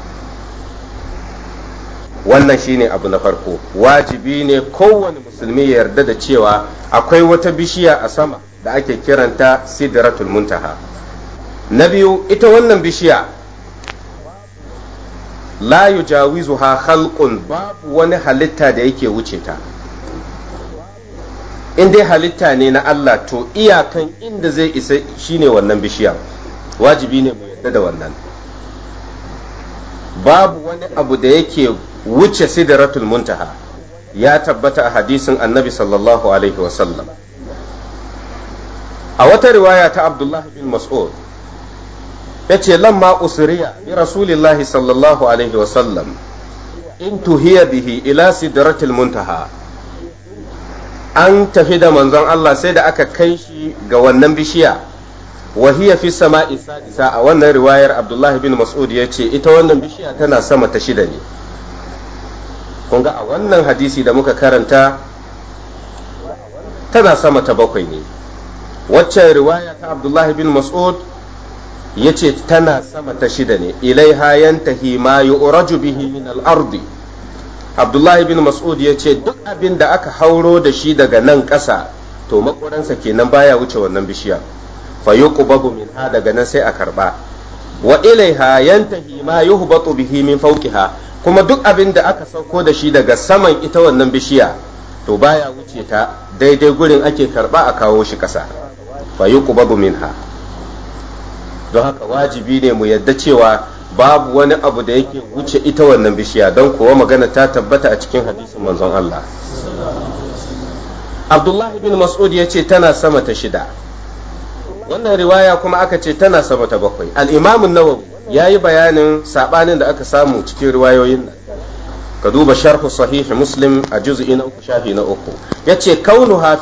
wannan shine abu na farko wajibi ne kowane musulmi ya yarda da cewa akwai wata bishiya a sama da ake kiranta sidratul muntaha na biyu ita wannan bishiya la yujawizuha khalqun babu wani halitta da yake wuce ta in dai halitta ne na Allah to iyakan inda zai isa shine wannan bishiyar wajibi ne mu yarda da wannan babu wani abu da yake wuce sidratul muntaha ya tabbata a hadisin annabi sallallahu alaihi wasallam a wata riwaya ta abdullahi bin mas'ud ya ce lamma usriya bi rasulillahi sallallahu alaihi wasallam in tuhiya bihi ila sidratil muntaha an tafi da manzon Allah sai da aka kai shi ga wannan bishiya wa hiya fi sama'i sadisa a wannan riwayar Abdullah bin Mas'ud ya ce ita wannan bishiya tana sama ta shida ne kun ga a wannan hadisi da muka karanta tana sama ta bakwai ne waccan riwaya ta Abdullah bin Mas'ud ya ce tana sama ta shida ne ilaiha yantahi ma yu'raju bihi min al Abdullahi bin Mas'ud ya ce duk abin da aka hauro da shi daga nan ƙasa to makwaransa kenan baya wuce wannan bishiya fa min minha daga nan sai a karba wa ilaiha yantahi ma yuhbatu bihi min fawqiha kuma duk abin da aka sauko da shi daga saman ita wannan bishiya to baya wuce ta daidai gurin ake karba a kawo shi kasa fa min minha don haka wajibi ne mu yadda cewa babu wani abu da yake wuce ita wannan bishiya don kuwa magana ta tabbata a cikin hadisin manzon Allah Abdullahi bin Mas'ud ya ce tana sama ta shida wannan riwaya kuma aka ce tana sama ta bakwai Al'imamin imam ya yi bayanin sabanin da aka samu cikin riwayoyin nan ka duba sharhu sahih muslim a juz'i na uku shafi na uku yace kaunuha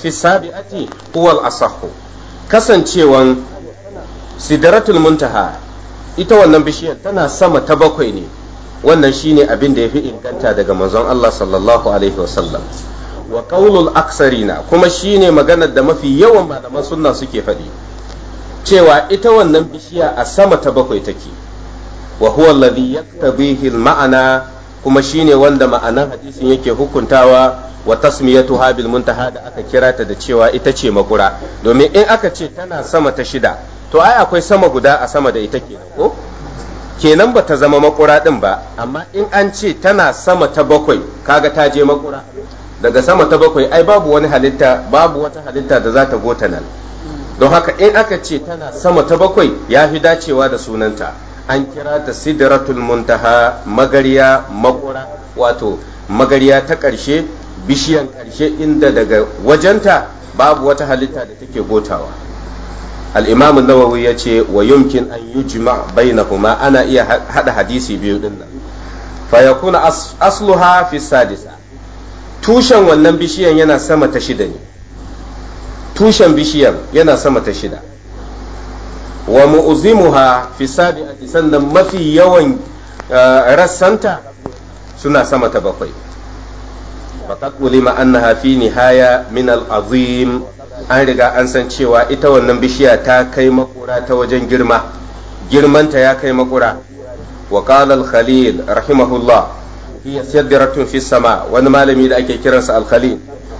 fi sabi'ati huwa al-asahhu kasancewan sidratul muntaha ita wannan bishiyar tana sama ta bakwai ne wannan shine abin da fi inganta daga manzon Allah sallallahu alaihi wasallam wa qaulul aksarina kuma shine maganar da mafi yawan malaman sunna suke faɗi cewa ita wannan bishiya a sama ta bakwai take wa huwa alladhi yaktabihi ma'ana kuma shine wanda ma'anar hadisin yake hukuntawa wa tasmiyatu bil muntaha da aka kira ta da cewa ita ce makura domin in aka ce tana sama ta shida to ai akwai sama guda a sama da ita kenan ko kenan ba ta zama makura din ba amma in an ce tana sama ta bakwai kaga ta je makura daga sama ta bakwai ai babu wani halitta babu wata halitta da za ta gota ta nan don haka in aka ce tana sama ta bakwai ya fi dacewa da sunanta an kira ta sidratul muntaha magariya makura wato magariya ta ƙarshe bishiyan ƙarshe inda daga wajenta babu wata halitta da take gotawa al'imamun nawawi ya ce wa yumkin an yi bainahuma ana iya hada hadisi biyu din nan fayakuna asluha fi sadisa tushen wannan bishiyan yana sama ta shida ne tushen bishiyan yana sama ta shida wa mu'zimuha fi sabi'ati sannan mafi yawan eh, rassanta suna sama ta bakwai faqad ulima annaha fi nihaya min al-azim an riga an san cewa ita wannan bishiya ta kai makura ta wajen girma girmanta ya kai makura wa qala al-khalil rahimahullah hiya sidratun fi sama wani malami da ake kiransa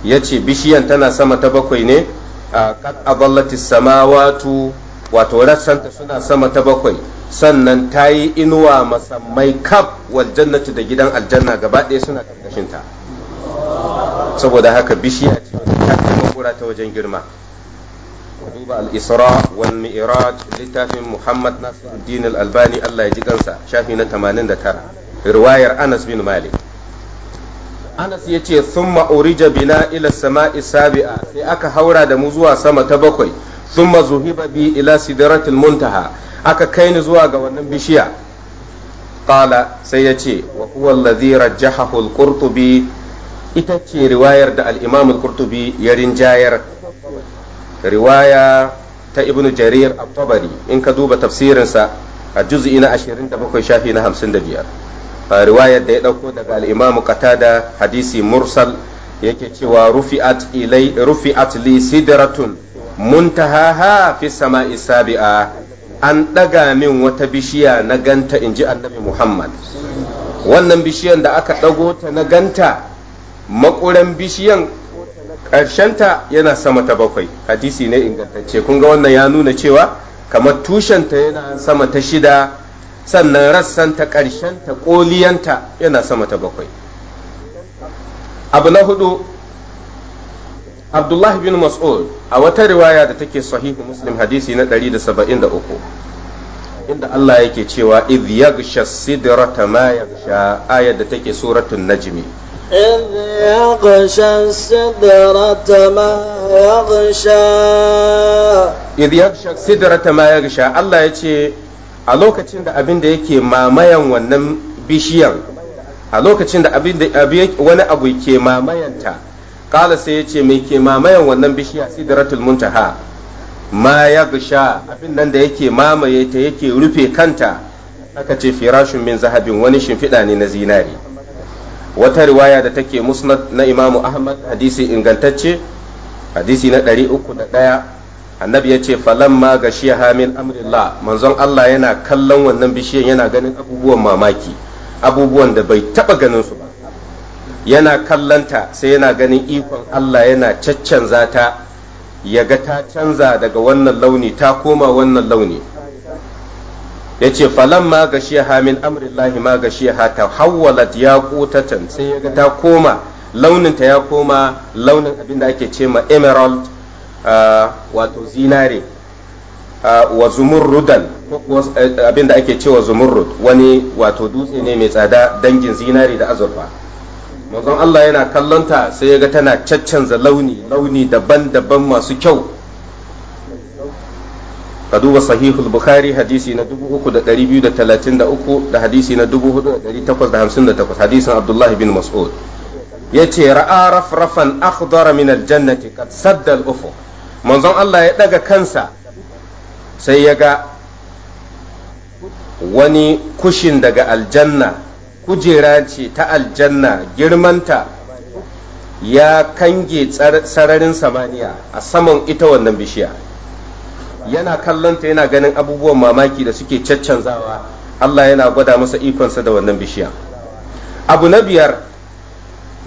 ya ce bishiyan tana sama ta bakwai ne a kad adallati samawatu wato rassanta suna sama ta bakwai sannan ta yi inuwa masammai kaf wal jannatu da gidan aljanna gaba ɗaya suna karkashin ta saboda haka bishiya ce ta kai ta wajen girma duba al-isra wal mi'raj littafin muhammad nasiruddin al-albani Allah ya ji kansa shafi na 89 riwayar anas bin malik anas ya ce sun ma'urija bina ila sama'i sabi'a sai aka haura da mu zuwa sama ta bakwai sun zuhiba bi ila sidiratul muntaha aka kai ni zuwa ga wannan bishiya qala sai ya ce wa huwa alladhi rajjahahu al ita ce riwayar da al-imam al-qurtubi ya rinjayar riwaya ta ibn jarir at-tabari in ka duba tafsirinsa a juz'i na 27 shafi na 55 riwayar da ya dauko daga al-Imam Qatada hadisi mursal yake cewa rufi'at ilai rufi'at li sidratun muntahaha fi sama'i sabi'a an daga min wata bishiya na ganta inji annabi Muhammad wannan bishiyan da aka dago ta na ganta makuran bishiyan ta yana sama ta bakwai hadisi ne ingantacce kun ga wannan ya nuna cewa kamar tushen ta yana sama ta shida sannan rassanta ta ƙoliyanta yana sama ta bakwai abu na hudu abdullah bin mas'ud a wata riwaya da take sahihu muslim hadisi na 173 inda Allah yake cewa idh yaghsha sidrata ma yaghsha ayat da take suratul najmi إذ يغشى السدرة ما يغشى إذ يغشى السدرة ما يغشى الله يتي a lokacin da abin da yake mamayan wannan bishiyan a lokacin da wani abu ke mamayanta kala sai ya ce mai ke mamayan wannan bishiya sidratul muntaha ma ya gusha abin nan da yake mamaye ta yake rufe kanta aka ce firashin min zahabin wani shimfiɗa ne na zinari wata riwaya da take musnad na imamu ahmad hadisi ingantacce hadisi na 301 annabi ya ce falamma ga shi hamil amrillah manzon Allah yana kallon wannan bishiyan yana ganin abubuwan mamaki abubuwan da bai taba ganin su ba yana kallanta sai yana ganin ikon Allah yana caccanza ta ya ga ta canza daga wannan launi ta koma wannan launi ya ce falamma ga shi hamil amrillahi ma ga shi hata ta hawwalat ya kotatan sai ya ga ta koma launinta ya koma launin abin da ake ce ma emerald wato zinare wa zumurrudan abinda ake cewa zumurrud wani wato dutse ne mai tsada dangin zinare da azurfa manzon Allah yana kallonta sai ya ga tana caccanza launi launi daban-daban masu kyau ka duba sahihul bukhari hadisi na 3233 da hadisi na 4858 hadisin abdullahi bin mas'ud ya ce ra'a rafrafan akhdara min aljannati qad sadda al-ufuq manzon Allah ya daga kansa sai ya ga wani kushin daga aljanna kujera ce ta aljanna girmanta ya kange sararin samaniya a saman ita wannan bishiya yana kallonta yana ganin abubuwan mamaki da suke caccanzawa Allah yana gwada masa ikonsa da wannan bishiya abu na biyar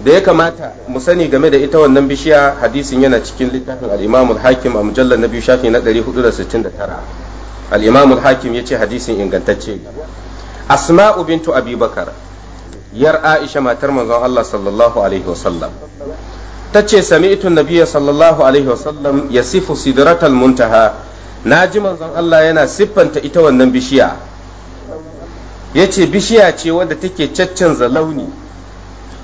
da ya kamata mu sani game da ita wannan bishiya hadisin yana cikin littafin al-imamul hakim a mujallar na biyu shafi na 469 al-imamul hakim ya ce hadisin ingantacce asma'u bintu bakar yar aisha matar manzon allah sallallahu alaihi wasallam ta ce sami'tu nabiyya sallallahu alaihi wasallam yasifu sidratal muntaha na ji manzon allah yana siffanta ita wannan bishiya ya ce bishiya ce wadda take caccanza launi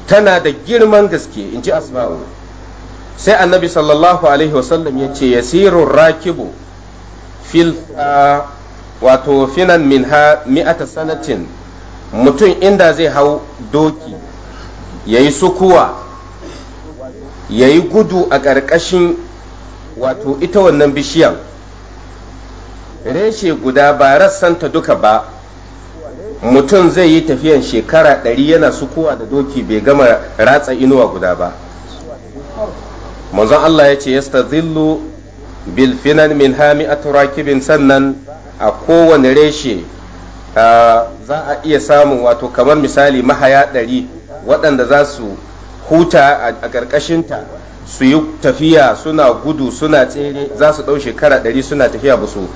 tana da girman gaske in ji asma'u sai annabi sallallahu alaihi wasallam ya ce yasirun rakibu fil wato finan ha mi'ata sanatin mutum inda zai hau doki ya yi sukuwa ya yi gudu a ƙarƙashin wato ita wannan bishiyan reshe guda ba rassanta duka ba mutum zai yi tafiyan shekara ɗari yana sukuwa da doki bai gama ratsa inuwa guda ba manzon Allah ya ce yastazillu bil bilfinan min hami turakibin sannan a kowane reshe za a iya samun wato kamar misali mahaya ɗari waɗanda za su huta a ƙarƙashinta su yi tafiya suna gudu suna tsere za su ɗau shekara ɗari suna tafiya ba su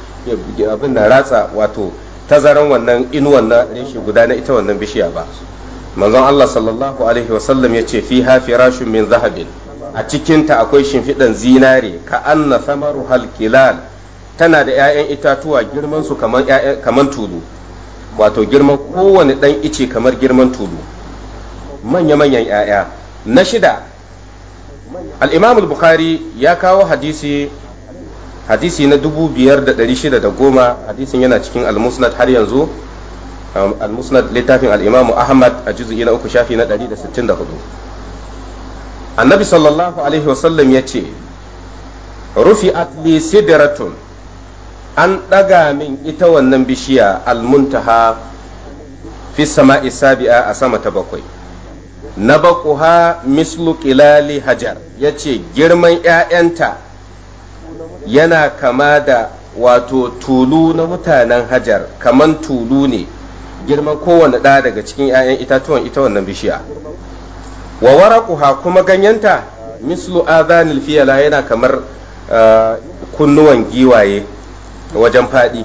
abin da ratsa wato tazaran wannan inuwan na reshe guda na ita wannan bishiya ba manzon Allah sallallahu alaihi wasallam ya ce fi hafi rashin min zahabin a cikinta akwai shimfiɗan zinare ka anna samaru halkilal tana da 'ya'yan itatuwa girman su kaman tudu wato girman kowane ɗan ice kamar girman tudu manya-manyan 'ya'ya na shida imamul bukhari ya kawo hadisi hadisi na 5610 hadisin yana cikin almusnad har yanzu um, almusnad littafin al-imam ahmad a juz'i na uku shafi na 164 annabi sallallahu alaihi wasallam ya ce rufi'at li sidratun an ɗaga min ita wannan bishiya al-muntaha fi sama'i sabi'a a sama ta bakwai na bakuha mislu qilali hajar ya ce girman 'ya'yanta yana kama da wato tulu na mutanen hajar kaman tulu ne girman kowane ɗa daga cikin 'ya'yan itatuwan ita wannan bishiya wa waraquha kuma ganyenta mislu adhanil fiyala yana kamar ah, kunnuwan giwaye wajen faɗi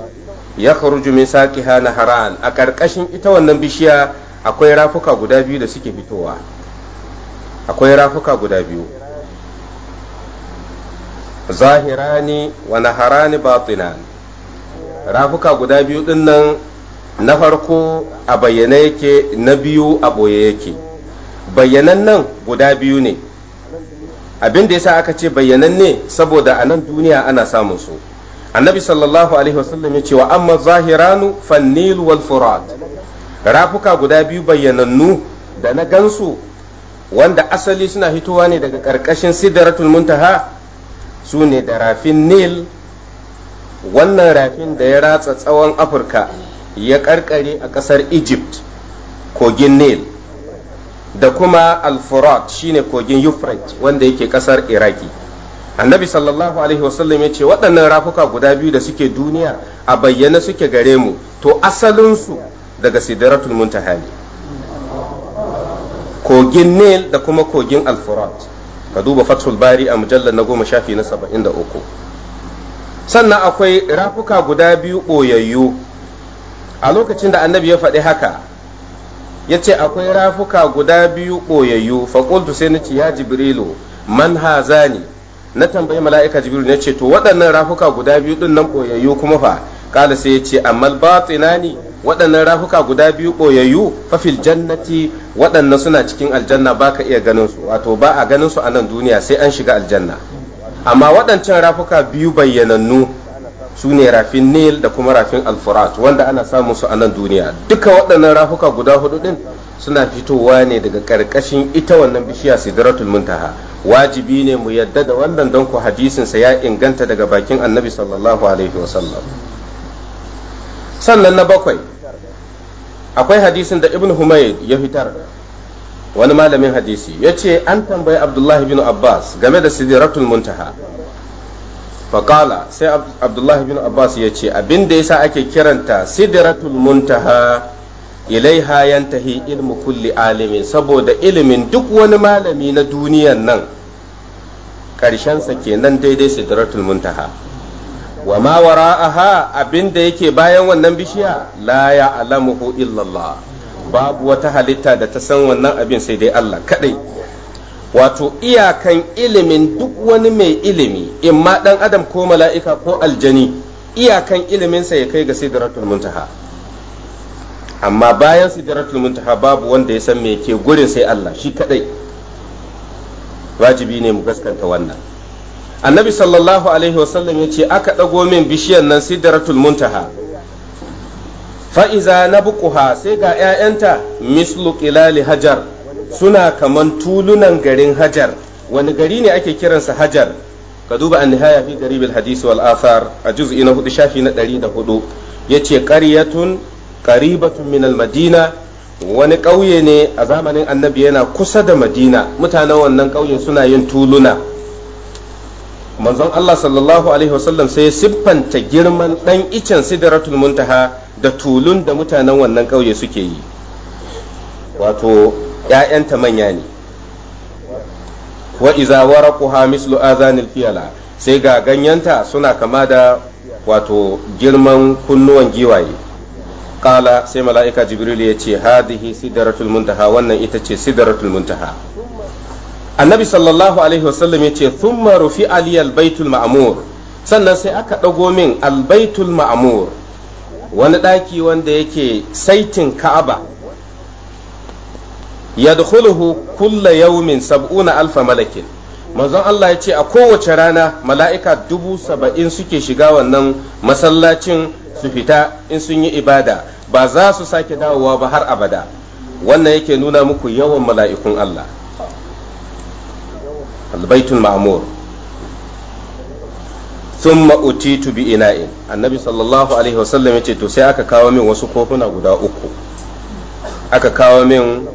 ya kharuju min saqiha haran a ƙarƙashin ita wannan bishiya akwai rafuka guda biyu da suke fitowa akwai rafuka guda biyu zahirani wa naharani batinan rafuka guda biyu din na farko a bayyane yake na biyu a ɓoye yake bayyanan nan guda biyu ne abin da yasa aka ce bayyanan ne saboda a nan duniya ana samun su annabi sallallahu alaihi wasallam ya ce wa amma zahiranu fannil wal furat rafuka guda biyu bayyanannu da na gansu wanda asali suna hitowa ne daga ƙarƙashin sidratul muntaha su ne da rafin nil wannan rafin da ya ratsa tsawon afirka ya karkare a ƙasar egypt kogin nil da kuma al-furat shine kogin euphrates wanda yake ƙasar iraki annabi sallallahu alaihi wasallam ya ce waɗannan rafuka guda biyu da suke duniya a bayyana suke gare mu to asalinsu daga sidratul muntaha ne kogin nil da kuma kogin al-furat ka duba fathul bari a mujallar na goma shafi na saba'in da uku sannan akwai rafuka guda biyu ɓoyayyu a lokacin da annabi ya faɗi haka ya ce akwai rafuka guda biyu ɓoyayyu faƙultu sai na ce ya jibrilu man ni? na tambayi mala'ika jibrilu ya ce to waɗannan rafuka guda biyu ɗin nan ɓoyayyu kuma fa kala sai ya ce amma batinani waɗannan rafuka guda biyu ɓoyayyu fafil jannati waɗannan suna cikin aljanna ba ka iya ganin su wato ba a ganin su a nan duniya sai an shiga aljanna amma waɗancan rafuka biyu bayyanannu su ne rafin nil da kuma rafin alfurat wanda ana samun su a nan duniya duka waɗannan rafuka guda hudu ɗin suna fitowa ne daga ƙarƙashin ita wannan bishiya sidratul muntaha wajibi ne mu yadda da wannan don ku hadisin sa ya inganta daga bakin annabi sallallahu alaihi wasallam sannan na bakwai akwai hadisin da ibn humayd ya fitar wani malamin hadisi ya ce an tambayi abdullahi bin abbas game da sidiratul muntaha faƙala sai abdullahi bin abbas ya ce abin da yasa ake kiranta sidiratul muntaha ilaiha yantahi ilmu kulli alimin saboda ilimin duk wani malami na duniyan nan ƙarshensa kenan daidai sidratul muntaha wa ma wara'aha abinda yake bayan wannan bishiya la ya'lamuhu illallah babu wata halitta da ta san wannan abin sai dai Allah kadai wato iyakan ilimin duk wani mai ilimi in ma dan adam ko mala'ika ko aljani iyakan iliminsa ya kai ga sidratul muntaha amma bayan sidratul muntaha babu wanda ya san me ke gurin sai Allah shi kadai wajibi ne mu gaskanta wannan annabi sallallahu alaihi wasallam ya ce aka ɗago min bishiyar nan sidratul muntaha fa'iza na bukuha sai ga ‘ya'yanta mislu ƙilali hajar suna kaman tulunan garin hajar wani gari ne ake kiransa hajar ka duba an nihaya fi garibil hadisi wal athar a juz'i ina hudu shafi na ɗari da hudu ya ce ƙaryatun ƙaribatun minal madina wani ƙauye ne a zamanin annabi yana kusa da madina mutanen wannan ƙauye suna yin tuluna manzon Allah sallallahu alaihi wasallam sai siffanta girman ɗan icen sidratul muntaha da tulun da mutanen wannan ƙauye suke yi wato ‘ya'yanta manya ne wa iza waraquha mislu azanil fiyala sai ga ganyanta suna kama da wato girman kunnuwan giwaye kala sai mala'ika jibril ya ce hadihi sidratul muntaha wannan ita ce sidratul muntaha annabi sallallahu alaihi wasallam ya ce thumma rufi aliyal baitul ma'mur sannan sai aka ɗago min albaitul ma'mur wani ɗaki wanda yake saitin ka'aba ya kulla yaumin sab'una alfa malakin manzon Allah ya ce a kowace rana mala'ika dubu saba'in suke shiga wannan masallacin su fita in sun yi ibada ba za su sake dawowa ba har abada wannan yake nuna muku yawan mala'ikun Allah albaitul ma'mur thumma utitu bi ina'in annabi sallallahu alaihi wasallam yace to sai aka kawo min wasu kofuna guda uku aka kawo min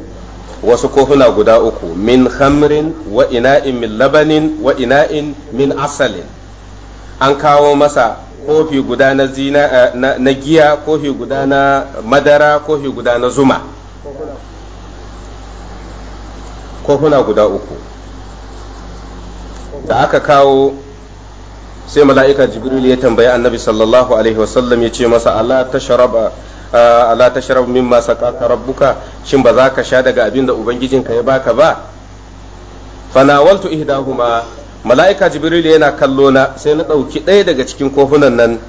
wasu kofuna guda uku min khamrin wa ina'in min labanin wa ina'in min asalin an kawo masa kofi guda na zina eh, na giya kofi guda na madara kofi guda na zuma kofuna guda uku da aka kawo sai mala'ika jibril ya tambayi annabi sallallahu alaihi wasallam ya ce masa ala tashraba ala min mimma sakaka rabbuka shin ba za ka sha daga abin da ubangijinka ya baka ba fanawaltu ihdahuma mala'ika jibril yana kallo na sai na ɗauki ɗaya daga cikin kofunan nan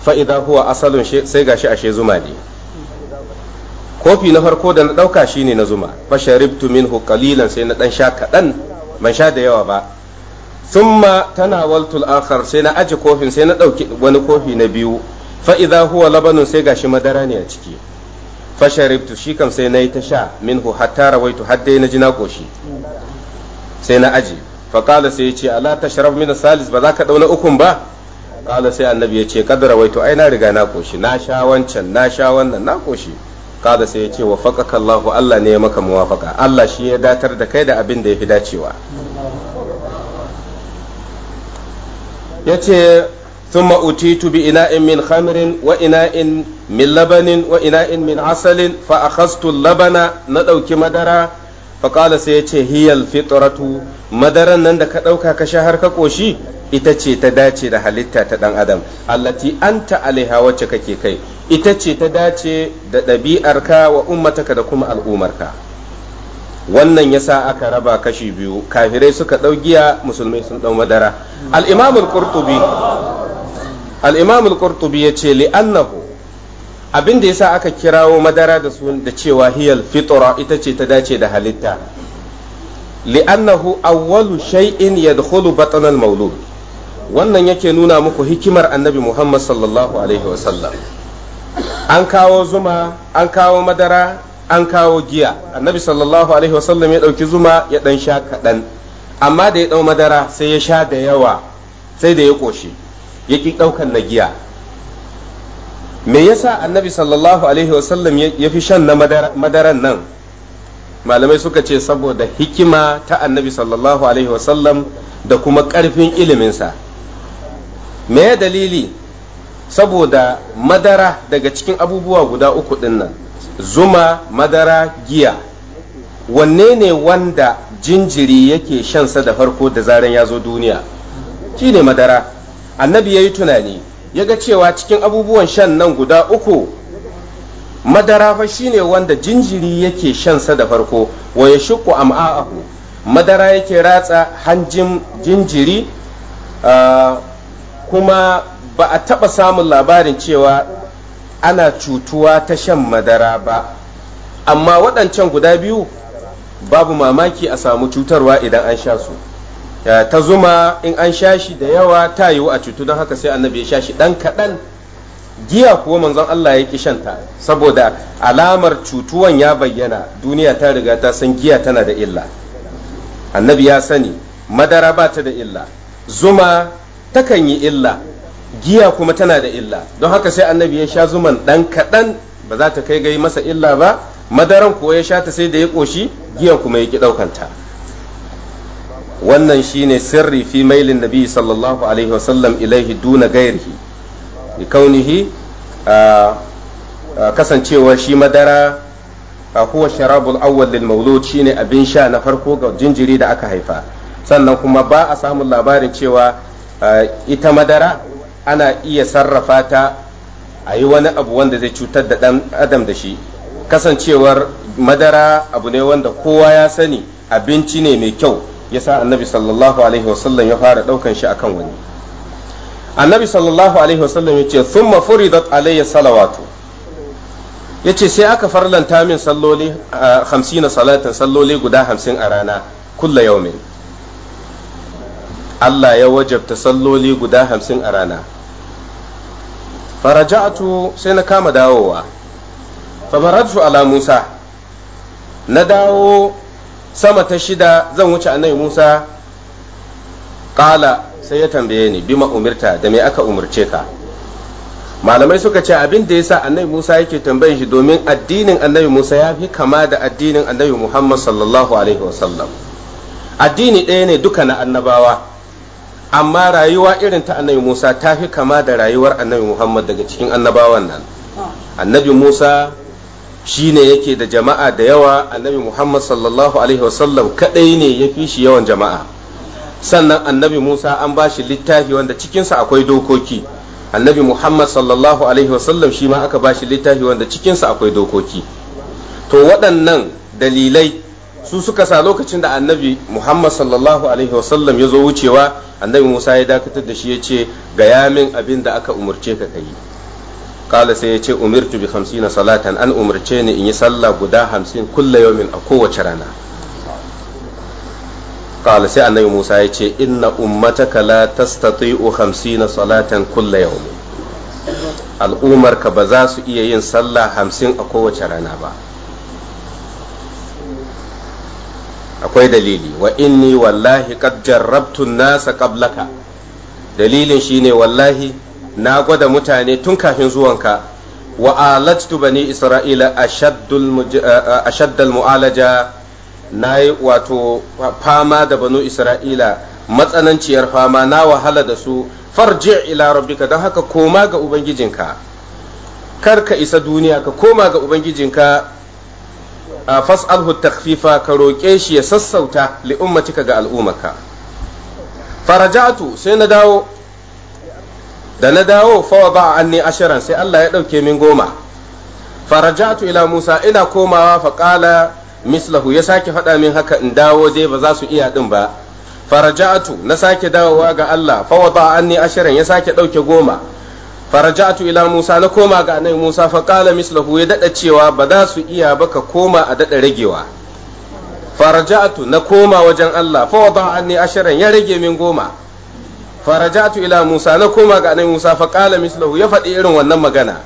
fa'ida huwa asalun sai gashi ashe zuma ne kofi na farko da na ɗauka shine na zuma fasharibtu minhu qalilan sai na ɗan sha kaɗan ban sha da yawa ba thumma waltul akhar sai na aje kofin sai na ɗauki wani kofi na biyu fa idza huwa labanun sai gashi madara ne a ciki fa sharibtu shi kam sai yi ta sha minhu hatta rawaitu hadda na ji na koshi sai na aje fa qala sai yace ala tashrab min salis ba za ka dauna ukun ba qala sai annabi yace kad rawaitu ai na riga na koshi na sha wancan na sha wannan na koshi qala sai yace wa faqaka Allah Allah ne ya maka muwafaka Allah shi ya datar da kai da abin da fi dacewa yace sun utitu bi ina'in min khamrin wa ina'in min labanin wa ina'in min asalin fa akhastu labana na ɗauki madara fa kala sai yace hiyal fitratu madaran nan da ka ɗauka ka sha har ka koshi ita ce ta dace da halitta ta dan adam allati anta alaiha wacce kake kai ita ce ta dace da ɗabi'arka wa ummataka da kuma al'umarka wannan yasa aka raba kashi biyu kafirai suka ɗau giya musulmai sun ɗau madara al'imamul qurtubi yace li'annahu abin da yasa aka kirawo madara da sun da cewa hiyal fitra ita ce ta dace da halitta li'annahu awwalu shay'in yadkhulu batnal maulud wannan yake nuna muku hikimar annabi Muhammad sallallahu alaihi wasallam an kawo zuma an kawo madara an kawo giya annabi sallallahu alaihi wasallam ya ɗauki zuma ya ɗan sha kaɗan amma da ya ɗau madara sai ya sha da yawa sai da ya ƙoshi ya ƙi ɗaukan na giya me yasa annabi sallallahu alaihi wasallam ya fi shan na madaran nan malamai suka ce saboda hikima ta annabi sallallahu alaihi wasallam da kuma ƙarfin iliminsa me dalili saboda madara daga cikin abubuwa guda uku ɗin nan zuma madara giya wanne ne wanda jinjiri yake shansa da farko da zaran ya zo duniya ne madara annabi ya yi tunani ya ga cewa cikin abubuwan shan nan guda uku madara fa shine wanda jinjiri yake shansa da farko wa ya shukku am'a'ahu madara yake ratsa hanjin jinjiri uh, kuma ba a taɓa samun labarin cewa ana cutuwa ta shan madara ba amma waɗancan guda biyu babu mamaki a samu cutarwa idan an sha su ta zuma in an sha shi da yawa ta yiwu a cutu don haka sai annabi ya sha shi ɗan kaɗan giya kuwa manzon Allah ya kishanta saboda alamar cutuwan ya bayyana duniya ta riga ta san giya tana da illa annabi ya sani madara ba ta da illa zuma takan yi illa giya kuma tana da illa don haka sai annabi ya sha zuman dan kaɗan ba za ta kai gai masa illa ba madaran kuwa ya sha ta sai da ya ƙoshi giyan kuma ya ki ɗaukanta wannan shine sirri fi mailin nabi sallallahu alaihi wasallam ilaihi duna gairihi bi kaunihi kasancewar shi madara Kuwa sharabul awwal lil maulud shine abin sha na farko ga jinjiri da aka haifa sannan kuma ba a samun labarin cewa ita madara ana iya sarrafa ta a yi wani abu wanda zai cutar da ɗan adam da shi kasancewar madara abu ne wanda kowa ya sani abinci ne mai kyau ya sa annabi sallallahu alaihi wasallam ya fara ɗaukan shi akan wani annabi sallallahu alaihi wasallam ya ce thumma furidat alayya salawatu ya ce sai aka farlanta min salloli hamsin salatin salloli guda hamsin a rana kulla yaumin Allah ya wajabta salloli guda hamsin a rana faraja'tu sai na kama dawowa famaratu ala musa na dawo sama ta shida zan wuce annabi musa kala sai ya tambaye ni bima umirta da me aka umarce ka malamai suka ce abin da yasa annabi musa yake tambayin shi domin addinin annabi musa ya fi kama da addinin annabi muhammad sallallahu alaihi wasallam addini ɗaya ne duka na annabawa amma rayuwa irin ta annabi Musa ta fi kama da rayuwar annabi Muhammad daga cikin annabawan nan annabi Musa shine yake da jama'a da yawa annabi Muhammad sallallahu alaihi wasallam kadai ne ya fi shi yawan jama'a sannan annabi Musa an ba shi littafi wanda cikinsa akwai dokoki annabi Muhammad sallallahu alaihi wasallam shi ma aka ba shi littafi wanda cikinsa akwai dokoki to waɗannan dalilai su suka sa lokacin da annabi muhammad sallallahu alaihi wasallam ya zo wucewa annabi musa ya dakatar da shi ya ce ga yamin abin da aka umarce ka ka yi kala sai ya ce umirtu bi hamsina salatan an umarce ni in yi sallah guda hamsin kulla yaumin a kowace rana kala sai annabi musa ya ce inna ummataka la tastati'u hamsina salatan kulla yaumin al'ummarka ba za su iya yin sallah hamsin a kowace rana ba akwai dalili wa inni wallahi kad jarrabtu nasa qablaka dalilin shine wallahi na gwada mutane tun kafin zuwanka wa alajtu bani isra'ila ashaddal mu'alaja na yi wato fama da banu isra'ila matsananciyar fama na wahala da su farji ila rabbika don haka koma ga ubangijinka kar ka isa duniya ka koma ga ubangijinka fas'alhu takfifa ka roƙe shi ya sassauta li ummatika ga al'ummaka faraja'tu sai na dawo da na dawo fa ba anni asharan sai Allah ya ɗauke min goma faraja'tu ila Musa ina komawa fa qala mislahu ya sake faɗa min haka in dawo dai ba za su iya din ba faraja'tu na sake dawowa ga Allah fa wada anni ashiran ya sake ɗauke goma faraja'tu ila Musa na koma ga annabi Musa fa qala mislahu ya dada cewa ba za su iya ba ka koma a dada ragewa faraja'tu na koma wajen Allah fa wada anni asharan ya rage min goma faraja'tu ila Musa na koma ga annabi Musa fa qala mislahu ya faɗi irin wannan magana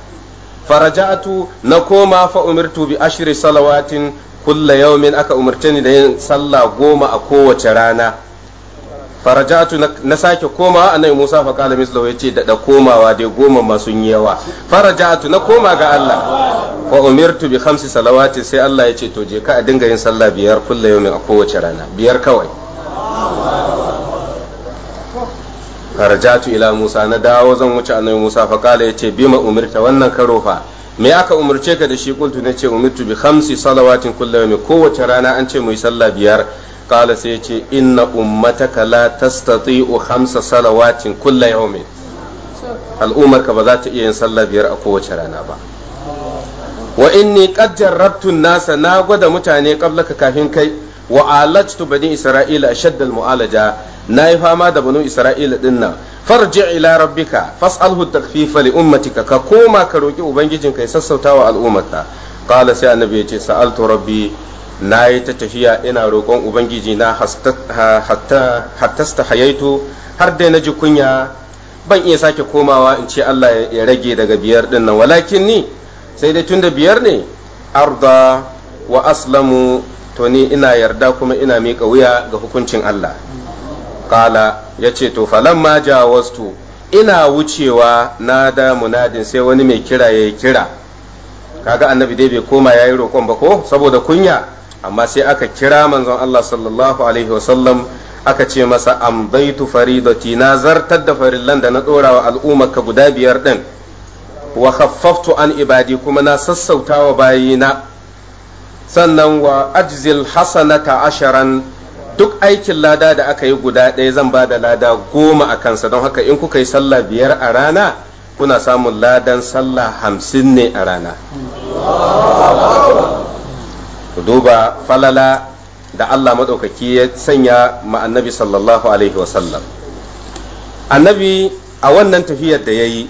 faraja'tu na koma fa umirtu bi ashri salawatin kulla yawmin aka umurtani da yin sallah goma a kowace rana farajatu na sake komawa annabi Musa fa kala mislahu yace da da komawa dai goma masu yi yawa farajatu na koma ga Allah fa umirtu bi khamsi salawati sai Allah yace to je ka a dinga yin sallah biyar kullu yawmin a kowace rana biyar kawai farajatu ila Musa na dawo zan wuce annabi Musa fa kala yace bima umirta wannan karo fa me aka umarce ka da shi kultu na ce umirtu bi khamsi salawatin kullu yawmin kowace rana an ce mu yi sallah biyar qala sai yace inna ummataka la tastati'u khamsa salawatin kulla yawmin al'ummarka ba za ta iya yin sallah biyar a kowace rana ba wa inni qad nasa na gwada mutane qablaka kafin kai wa alajtu bani isra'ila ashaddal mu'alaja nayi fama da banu isra'ila dinnan farji ila rabbika fas'alhu takfifa li ummatika ka koma ka roki ubangijinka ya sassautawa al'ummarka qala sai annabi ya ce sa'altu rabbi na yi ta tafiya ina roƙon ubangiji na hattasta hayaitu har dai na ji kunya ban iya sake komawa in ce Allah ya rage daga biyar din nan walakin ni sai dai tun da biyar ne arda wa aslamu to ni ina yarda kuma ina miƙa wuya ga hukuncin Allah kala ya ce to falamma jawastu ina wucewa na da munadin sai wani mai kira ya yi kira kaga annabi dai bai koma ya yi roƙon ba ko saboda kunya amma sai aka kira manzon Allah sallallahu alaihi wasallam aka ce masa amdaitu faridati na zartar da farillan da na dora wa al'ummarka guda biyar din wa khaffaftu an ibadi kuma na sassauta wa bayina sannan wa ajzil hasanata asharan duk aikin lada da aka yi guda ɗaya zan ba da lada goma a kansa don haka in kuka yi sallah biyar a rana kuna samun ladan sallah hamsin ne a rana ku duba falala da Allah maɗaukaki ya sanya ma annabi sallallahu alaihi wasallam annabi a wannan tafiyar da ya yi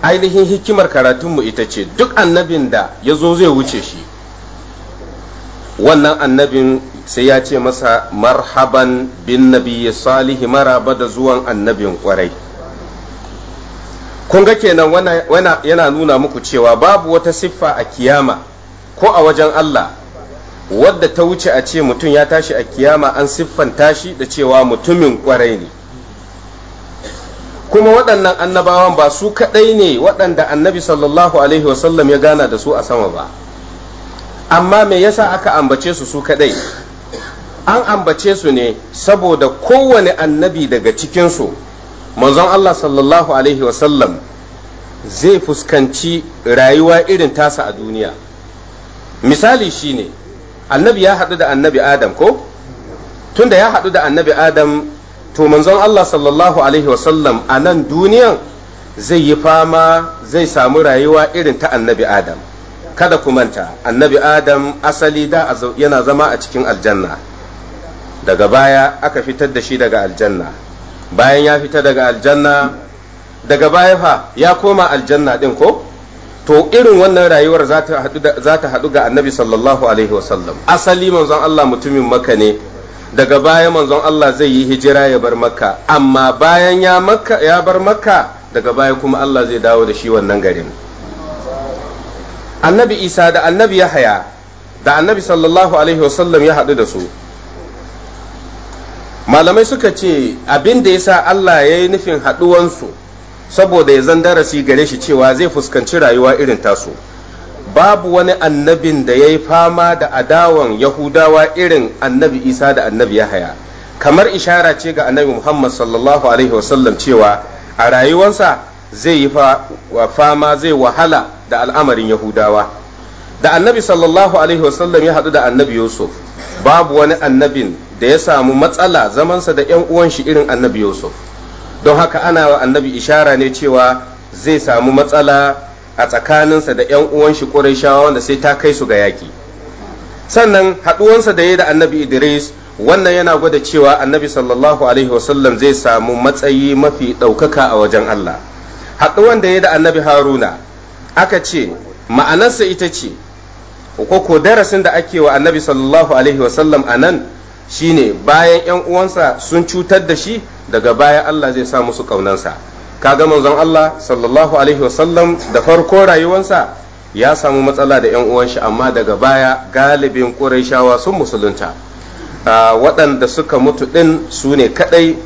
ainihin hikimar karatunmu ita ce duk annabin da ya zo zai wuce shi wannan annabin sai ya ce masa marhaban bin nabiyyi salihi maraba da zuwan annabin kwarai kun ga kenan yana nuna muku cewa babu wata siffa a kiyama ko a wajen Allah wadda ta wuce a ce mutum ya tashi a kiyama an siffanta shi da cewa mutumin kwarai ne kuma waɗannan annabawan ba su kaɗai ne waɗanda annabi sallallahu alaihi wasallam ya gana da su a sama ba amma me yasa aka ambace su su kaɗai an ambace su ne saboda kowane annabi daga cikinsu manzon Allah sallallahu alaihi wasallam zai fuskanci rayuwa irin tasa a duniya misali shine annabi ya haɗu da annabi adam ko tunda ya haɗu da annabi adam to manzon Allah sallallahu alaihi wasallam a nan duniyan zai yi fama zai samu rayuwa irin ta annabi adam kada ku manta annabi adam asali da yana zama a cikin aljanna daga baya aka fitar da shi daga aljanna bayan ya fita daga aljanna daga baya fa ya koma aljanna ɗin ko to irin wannan rayuwar za ta haɗu ga annabi sallallahu alaihi wasallam asali manzon Allah mutumin maka ne daga baya manzon Allah zai yi hijira ya bar maka. amma bayan ya bar maka, daga baya kuma Allah zai dawo da shi wannan garin annabi isa da annabi yahaya da annabi sallallahu alaihi wasallam ya haɗu da su malamai suka ce abin da ya sa Allah ya yi nufin haɗuwansu saboda ya zan darasi gare shi cewa zai fuskanci rayuwa irin tasu babu wani annabin da ya yi fama da adawan yahudawa irin annabi isa da annabi yahaya kamar ishara ce ga annabi muhammad sallallahu alaihi wasallam cewa a rayuwansa, zai yi fama zai wahala da al'amarin yahudawa da annabi sallallahu alaihi wasallam ya haɗu da annabi yusuf babu wani annabin da ya samu matsala zamansa da 'yan uwan shi irin annabi yusuf don haka ana wa annabi ishara ne cewa zai samu matsala a tsakaninsa da 'yan uwan shi shawa wanda sai ta kai su ga yaki sannan haɗuwansa da ya da annabi idris wannan yana gwada cewa annabi sallallahu alaihi wasallam zai samu matsayi mafi ɗaukaka a wajen allah haɗuwan da ya da annabi haruna aka ce ma'anarsa ita ce ko darasin da ake wa annabi sallallahu alaihi wasallam a nan shine bayan 'yan uwansa sun cutar da shi daga baya Allah zai sa musu kaunansa kaga manzon Allah sallallahu alaihi wasallam da farko rayuwansa ya samu matsala da yan uwanshi amma daga baya galibin Qurayshawa sun musulunta ah, waɗanda suka mutu ɗin su ne kaɗai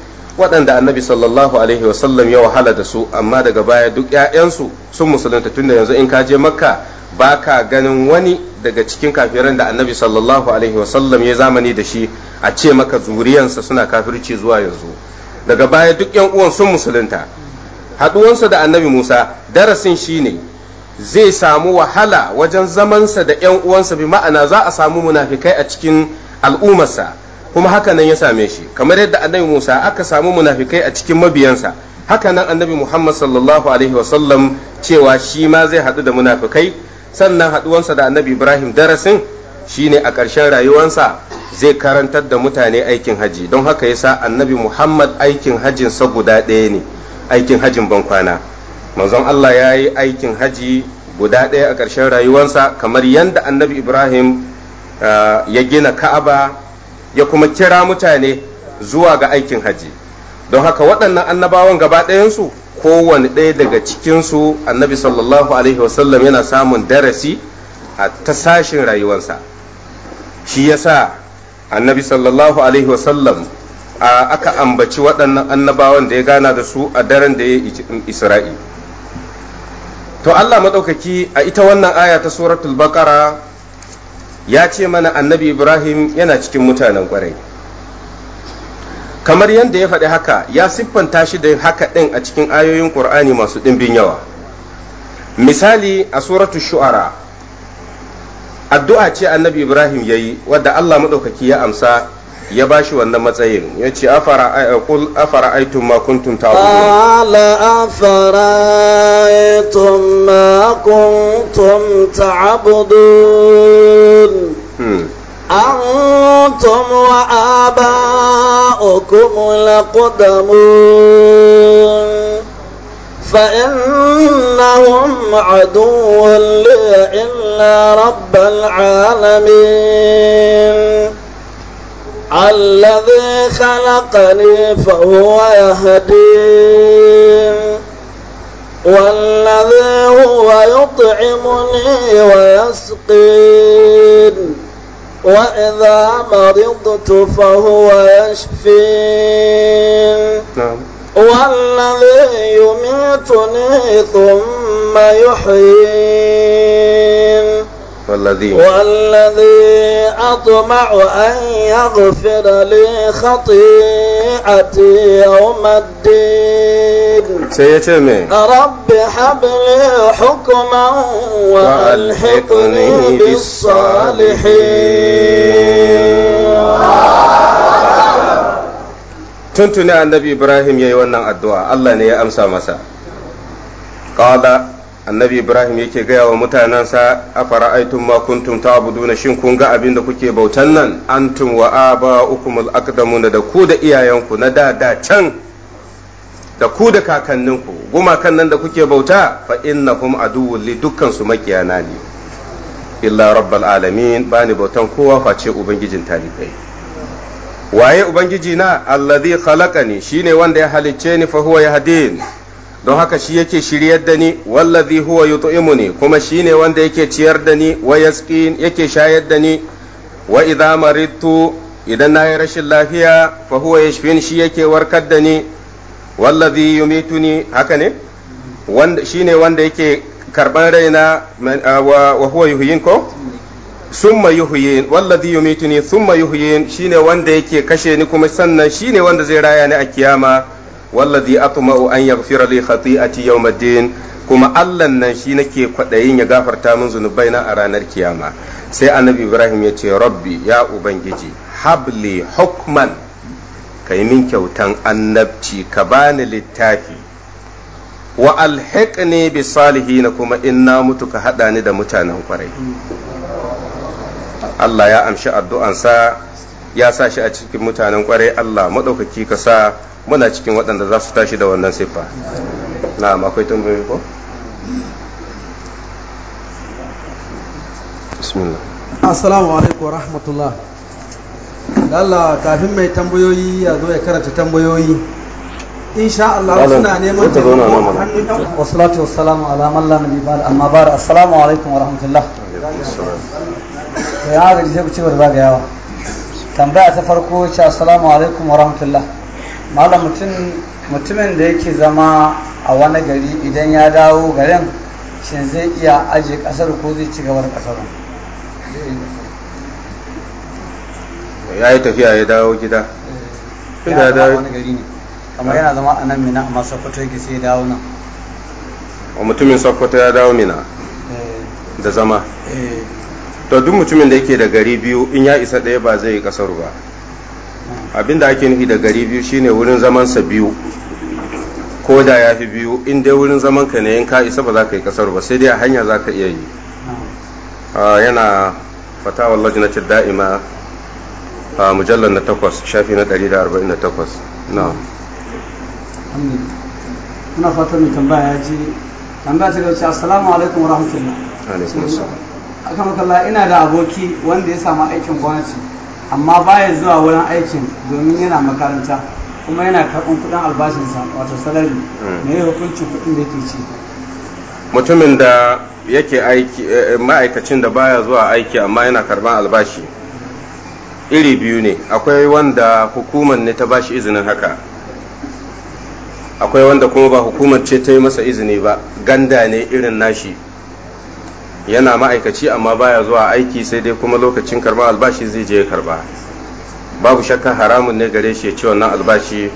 waɗanda annabi sallallahu alaihi wasallam ya wahala da su amma daga baya duk 'ya'yansu sun musulunta tun da yanzu in ka je makka ba ka ganin wani daga cikin kafiran da annabi sallallahu alaihi wasallam ya zamani da shi a ce maka zuriyansa suna kafirci zuwa yanzu daga baya duk yan uwan sun musulunta haduwansa da annabi Musa darasin shine zai samu wahala wajen zamansa da yan uwansa bi ma'ana za a samu munafikai a cikin al'ummarsa kuma haka nan ya same shi kamar yadda annabi Musa aka samu munafikai a cikin mabiyansa haka nan annabi Muhammad sallallahu alaihi wasallam cewa shi ma zai haɗu da munafikai sannan haɗuwansa da annabi Ibrahim darasin shine a ƙarshen rayuwansa zai karantar da mutane aikin haji don haka ya sa annabi muhammad aikin hajin sa guda ɗaya ne aikin hajin ban kwana manzon allah ya yi aikin haji guda ɗaya a ƙarshen rayuwansa kamar yadda annabi ibrahim ah, ya gina ka'aba ya kuma kira mutane zuwa ga aikin haji don haka waɗannan annabawan gaba ɗayansu kowane ɗaya daga cikinsu annabi sallallahu alaihi wasallam yana samun darasi a ta sashin rayuwarsa shi ya sa annabi sallallahu alaihi wasallam aka ambaci waɗannan annabawan da ya gana da su a daren da ya isra'i to Allah maɗaukaki a ita wannan aya ta suratul baqara ya ce mana annabi ibrahim yana cikin mutanen ƙwarai kamar yadda ya faɗi haka ya siffanta shi da haka ɗin a cikin ayoyin ƙur'ani masu ɗimbin yawa misali a suratul shu'ara addu'a ce annabi ibrahim ya yi wadda allah maɗaukaki ya amsa ya ba shi wannan matsayin ya ce afara aitun makuntun ta ala afara aitun makuntun ta abudun أنتم وآباؤكم لقدمون فإنهم عدو لي إلا رب العالمين الذي خلقني فهو يهدين والذي هو يطعمني ويسقين وإذا مرضت فهو يشفين نعم والذي يميتني ثم يحيين والذي والذي أطمع أن يغفر لي خطيئتي يوم الدين سيتمي رب هب لي حكما وألحقني بالصالحين tuntuni annabi ibrahim ya yi wannan addu'a allah ne ya amsa masa ƙala annabi ibrahim yake gaya wa mutanensa a fara'aitun ma kuntum ta shin kun ga abin da kuke bautan nan antum wa aba ukumul aqdamuna da ku da iyayenku na da da can da ku da kakanninku gumakan nan da kuke bauta fa innahum aduwwul li dukkan su makiyana ne illa rabbal alamin bani bautan kowa face ubangijin talibai waye ubangiji na allazi khalaqani shine wanda ya halicce ni fa huwa yahdin don haka shi yake shiryar da ni wallazi huwa yut'imuni kuma shine wanda yake ciyar da ni wa yasqin yake shayar da ni wa idza maridtu idan na yi rashin lafiya fa huwa yashfin shi yake warkar da ni wallazi yumituni haka ne wanda shine wanda yake karban raina ah, wa huwa yuhyin ko summa yuhyin wallazi yumituni summa yuhyin shine wanda yake kashe ni kuma sannan shine wanda zai raya ni a kiyama wallazi atma'u an yaghfira li khati'ati yawmiddin kuma Allah nan shi nake kwaɗayin ya gafarta min zunubai na a ranar kiyama sai annabi Ibrahim ya ce rabbi ya ubangiji habli hukman ka yi min kyautan annabci ka bani littafi wa alhiqni bi salihin kuma in na mutu ka haɗa ni da mutanen kwarai Allah ya amshi addu'ansa ya sa shi a cikin mutanen kwarai Allah maɗaukaki ka sa muna cikin waɗanda za su tashi da wannan siffa na akwai tambayoyi ko bismillah assalamu alaikum rahmatullah Allah kafin mai tambayoyi ya zo ya karanta tambayoyi insha Allah suna neman taimako wa salatu wa salamu ala man la nabi ba'd amma bar assalamu alaikum wa rahmatullah ya ga sai ku ci gaba da yawa tambaya ta farko ce assalamu alaikum wa rahmatullah malam mutumin da yake zama a wani gari idan ya dawo garin shin zai iya ajiye kasar ko zai ci gaba da kasar ya yi tafiya ya dawo gida eh, ya dawo wani gari ne kamar yana zama a nan mina amma sokoto yake sai dawo nan wa mutumin sokoto ya dawo mina eh. da zama eh. to duk mutumin da yake da gari biyu in ya isa ɗaya ba zai yi kasar ba hmm. abinda ake nufi da gari biyu shine wurin zamansa biyu ko da ya fi biyu in dai wurin zaman ka ne in ka isa ba za ka yi kasar ba sai dai a hanya za ka iya yi hmm. ah, yana fatawar ce da'ima a ah, mujallar na takwas shafi na 148 na muna fatan mai tambaya ya ji tambaya ta gauce assalamu alaikum wa rahmatullah akan makalla ina da aboki wanda ya samu aikin gwamnati amma baya zuwa wurin aikin domin yana makaranta kuma yana karɓar kuɗin albashinsa wato salari hmm. me yi hukuncin kuɗin da yake ci mutumin da yake aiki eh, eh, ma'aikacin da baya zuwa aiki amma yana karɓar albashi iri biyu ne akwai wanda hukumar ne ta bashi izinin haka akwai wanda kuma ba hukumar ce ta yi masa izini ba ganda ne irin nashi yana ma'aikaci amma baya zuwa aiki sai dai kuma lokacin karba albashi zai je karba babu shakka haramun ne gare shi ya ci wannan albashi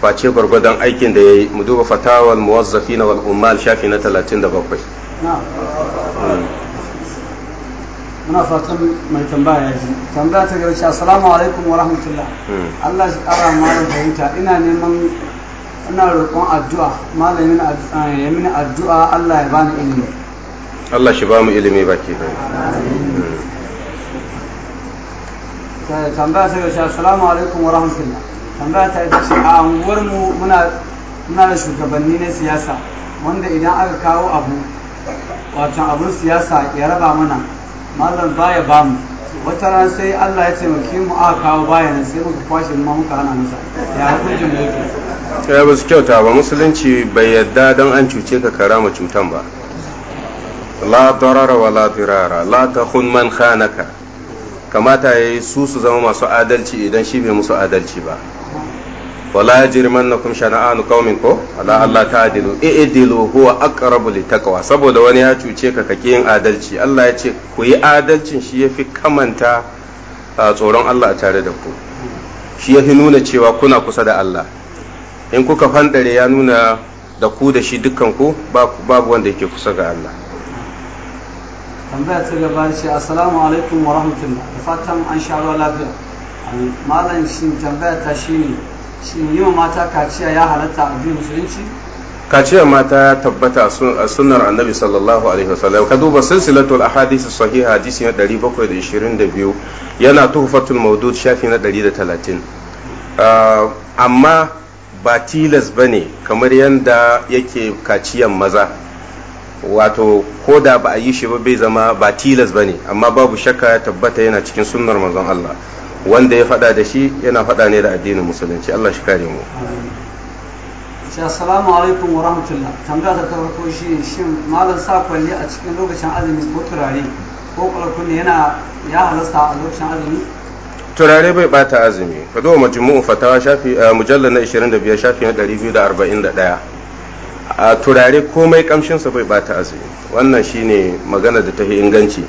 face gwargwadon aikin da ya yi mu duba fatawar muwazzafi na wal'ummal shafi na 37 hmm. muna fatan mai tambaya ji tambaya ta garshe assalamu alaikum wa rahmatullah hmm. Allah shi kara malam fahimta ina neman ina roƙon addu'a malamin eh, ya mini addu'a Allah ya bani ilimi Allah shi ba mu ilimi ba baki da eh, tambaya ta yaushe assalamu alaikum wa rahmatullah tambaya ta ita ce a unguwar mu muna muna da shugabanni na siyasa wanda idan aka kawo abu wato abun siyasa ya raba mana malam baya bamu wata ran sai Allah ya taimake mu aka kawo bayanan sai muka kwashe mu muka hana masa ya hukuncin da yake ya eh, ba su kyauta ba musulunci bai yadda don an cuce ka karama cutan ba la darara wa la dirara la takhun man khanaka kamata yayi su su zama masu adalci idan shi bai musu adalci ba wala yajrimannakum shana'anu qaumin ko ala Allah ta'dilu i'dilu huwa aqrabu litaqwa saboda wani ya cuce ka kake yin adalci Allah ya ce ku yi adalcin shi yafi kamanta tsoron Allah tare da ku shi yafi nuna cewa kuna kusa da Allah in kuka fandare ya nuna da ku da shi dukkan ku babu wanda yake kusa ga Allah tambaya ta gaba ce assalamu alaikum wa rahmatullah da fatan an sha ruwa lafiya malam shin tambaya ta shine shin mata kaciya ya mata ya tabbata a sunnar annabi sallallahu alaihi wasallam ka duba silsilatul ahadith sahiha hadisi na 722 yana tuhfatul maudud shafi na da talatin. Ah, amma ba tilas bane kamar yadda yake kaciyan maza wato ko da ba a yi shi ba bai zama ba tilas bane amma babu shakka ya tabbata yana cikin sunnar manzon Allah wanda ya fada da shi yana fada ne da addinin musulunci Allah shi kare mu assalamu alaikum wa rahmatullah tambaya ta farko shi shin malam sa kwalli a cikin lokacin azumi ko turare ko kwalkun yana ya halasta a lokacin azumi turare bai bata azumi ka zo majmu'u fatawa shafi eh, mujallal na 25 shafi na 241 a turare komai kamshinsa bai bata azumi wannan shine magana da ta inganci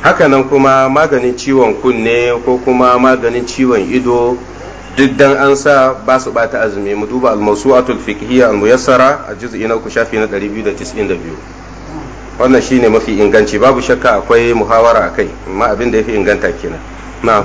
hakanan kuma maganin ciwon kunne ko kuma maganin ciwon ido duk dan an sa ba su bata azumi mu duba al-mawsu'atul fiqhiyya al-muyassara a juz'i na uku shafi na 292 wannan shine mafi inganci babu shakka akwai muhawara akai amma abin da yafi inganta kenan na'am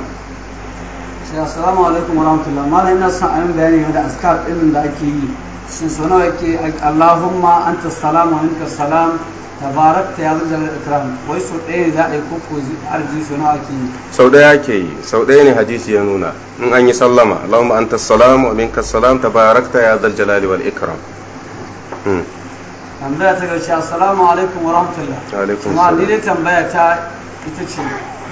shi assalamu alaikum warahmatullahi malam ina son ayin bayani game da askar ɗin da ake yi shin so nawa yake allahumma anta salam wa minka salam tabarakta ya zalzal ikram wai sau ɗaya ne za a yi koko arziki so nawa ake yi sau ɗaya ake yi sau ɗaya ne hadisi ya nuna in an yi sallama allahumma anta salam wa minka salam tabarakta ya zalzal wal ikram hmm. tambaya ta gaci assalamu alaikum wa rahmatullah kuma ni dai tambaya ta ita ce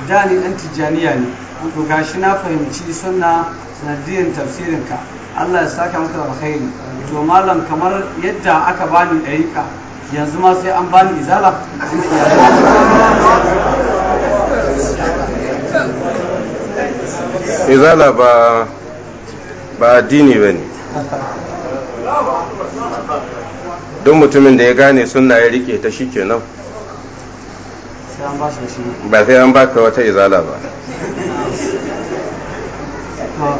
dani dan tijjaniya ne to gashi na fahimci sunna tafsirin tafsirinka Allah ya saka maka da alkhairi to malam kamar yadda aka bani ɗarika yanzu ma sai an bani izala izala ba ba addini bane don mutumin da ya gane sunna ya rike ta shi kenan ba sai an baka wata izala ba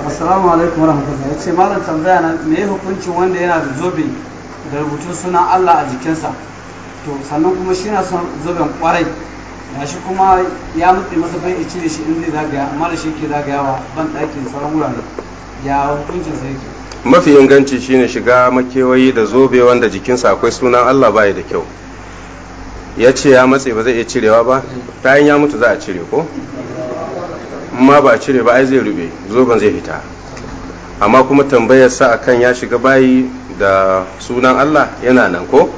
assalamu alaikum wa warahmatullahi ya ce malam tambaya na me hukuncin wanda yana da zobe da rubutun sunan Allah a jikinsa to sannan kuma shi na son zoben kwarai shi kuma ya mutse masa bai ici da shi in zai zagaya amma da shi ke zagayawa ban ɗakin sauran wurare ya hukuncin sa yake mafi inganci shine shiga makewayi da zobe wanda jikinsa akwai sunan Allah baya da kyau ya ce ya matse ba zai iya cirewa ba yin ya mutu za a cire ko amma ba a cire ba ai zai rube zoben zai fita amma kuma tambayar sa akan ya shiga bayi da sunan Allah yana nan ko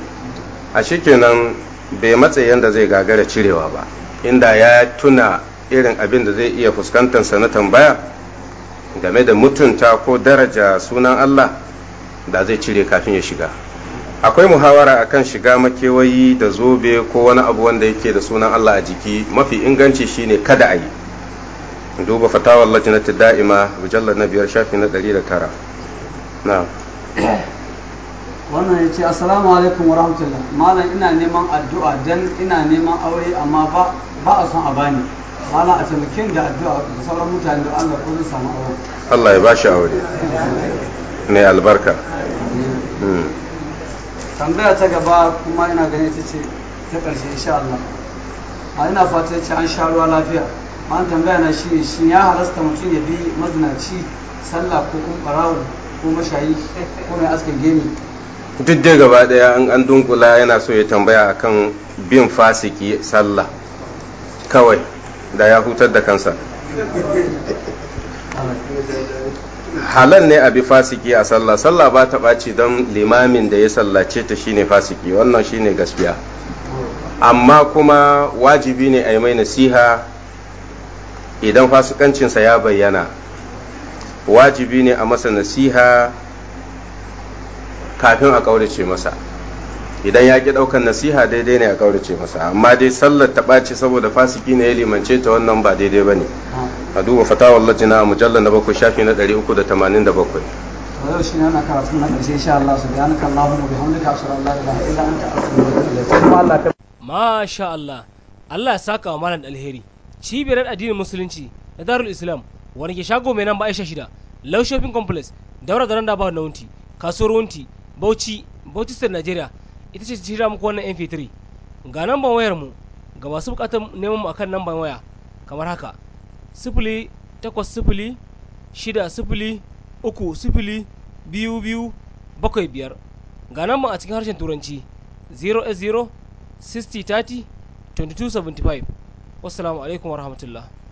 a shikenan bai matse yanda zai gagara cirewa ba inda ya tuna irin abin da zai iya fuskantar sa na tambaya game da mutunta ko daraja sunan Allah da zai cire kafin ya shiga akwai muhawara akan shiga makewayi da zobe ko wani abu wanda yake da sunan Allah a jiki mafi inganci shine kada a yi duba fatawar lajinatu da'ima mujallar na biyar shafi na 109 na wannan ya ce assalamu alaikum warahmatullah malam ina neman addu'a dan ina neman aure amma ba ba a son a bani malam a taimakin da addu'a da sauran mutane da Allah ko zai samu aure Allah ya bashi aure ne albarka hmm. tambaya ta gaba kuma ina ganin ita ce ta ƙarshe insha Allah a ina fata ce an sha ruwa lafiya ma tambaya na shi shi ya halasta mutum ya bi mazinaci sallah ko kuma ɓarawo ko mashayi ko mai askin gemi duk dai gaba daya an an dunkula yana so ya tambaya akan bin fasiki sallah kawai da ya hutar da kansa halal ne a bi fasiki a sallah sallah ba ta ɓaci don limamin da ya sallace ta shine fasiki wannan shine gaskiya amma kuma wajibi ne a yi mai nasiha idan fasikancinsa ya bayyana wajibi ne a masa nasiha kafin a ƙaurace masa idan ya ki ɗaukan nasiha daidai ne a ƙaurace masa amma dai sallar ta ɓace saboda fasiki ne ya limance ta wannan ba daidai ba ne a duba fatawar lajina a mujallar na bakwai shafi na ɗari uku da tamanin da bakwai yau shi ne ana karatu na ƙarshe insha Allah su biya kan lahu mu bihamdika ashhadu an la ilaha illa anta astaghfiruka masha Allah Allah ya saka wa malam alheri cibiyar addinin musulunci da darul islam wani ke shago mai nan ba aisha shida laushofin complex daura da nan da ba na kasuwar wunti Bauchi, Bauchi State Nigeria ita ce shirya muku wannan MP3. Ga namban wayar mu ga masu bukatar neman mu akan namban waya kamar haka sifili takwas sifili shida sifili uku sifili biyu biyu bakwai biyar ga namban a cikin harshen turanci 080 60 30 2275 wassalamu alaikum warahmatullahi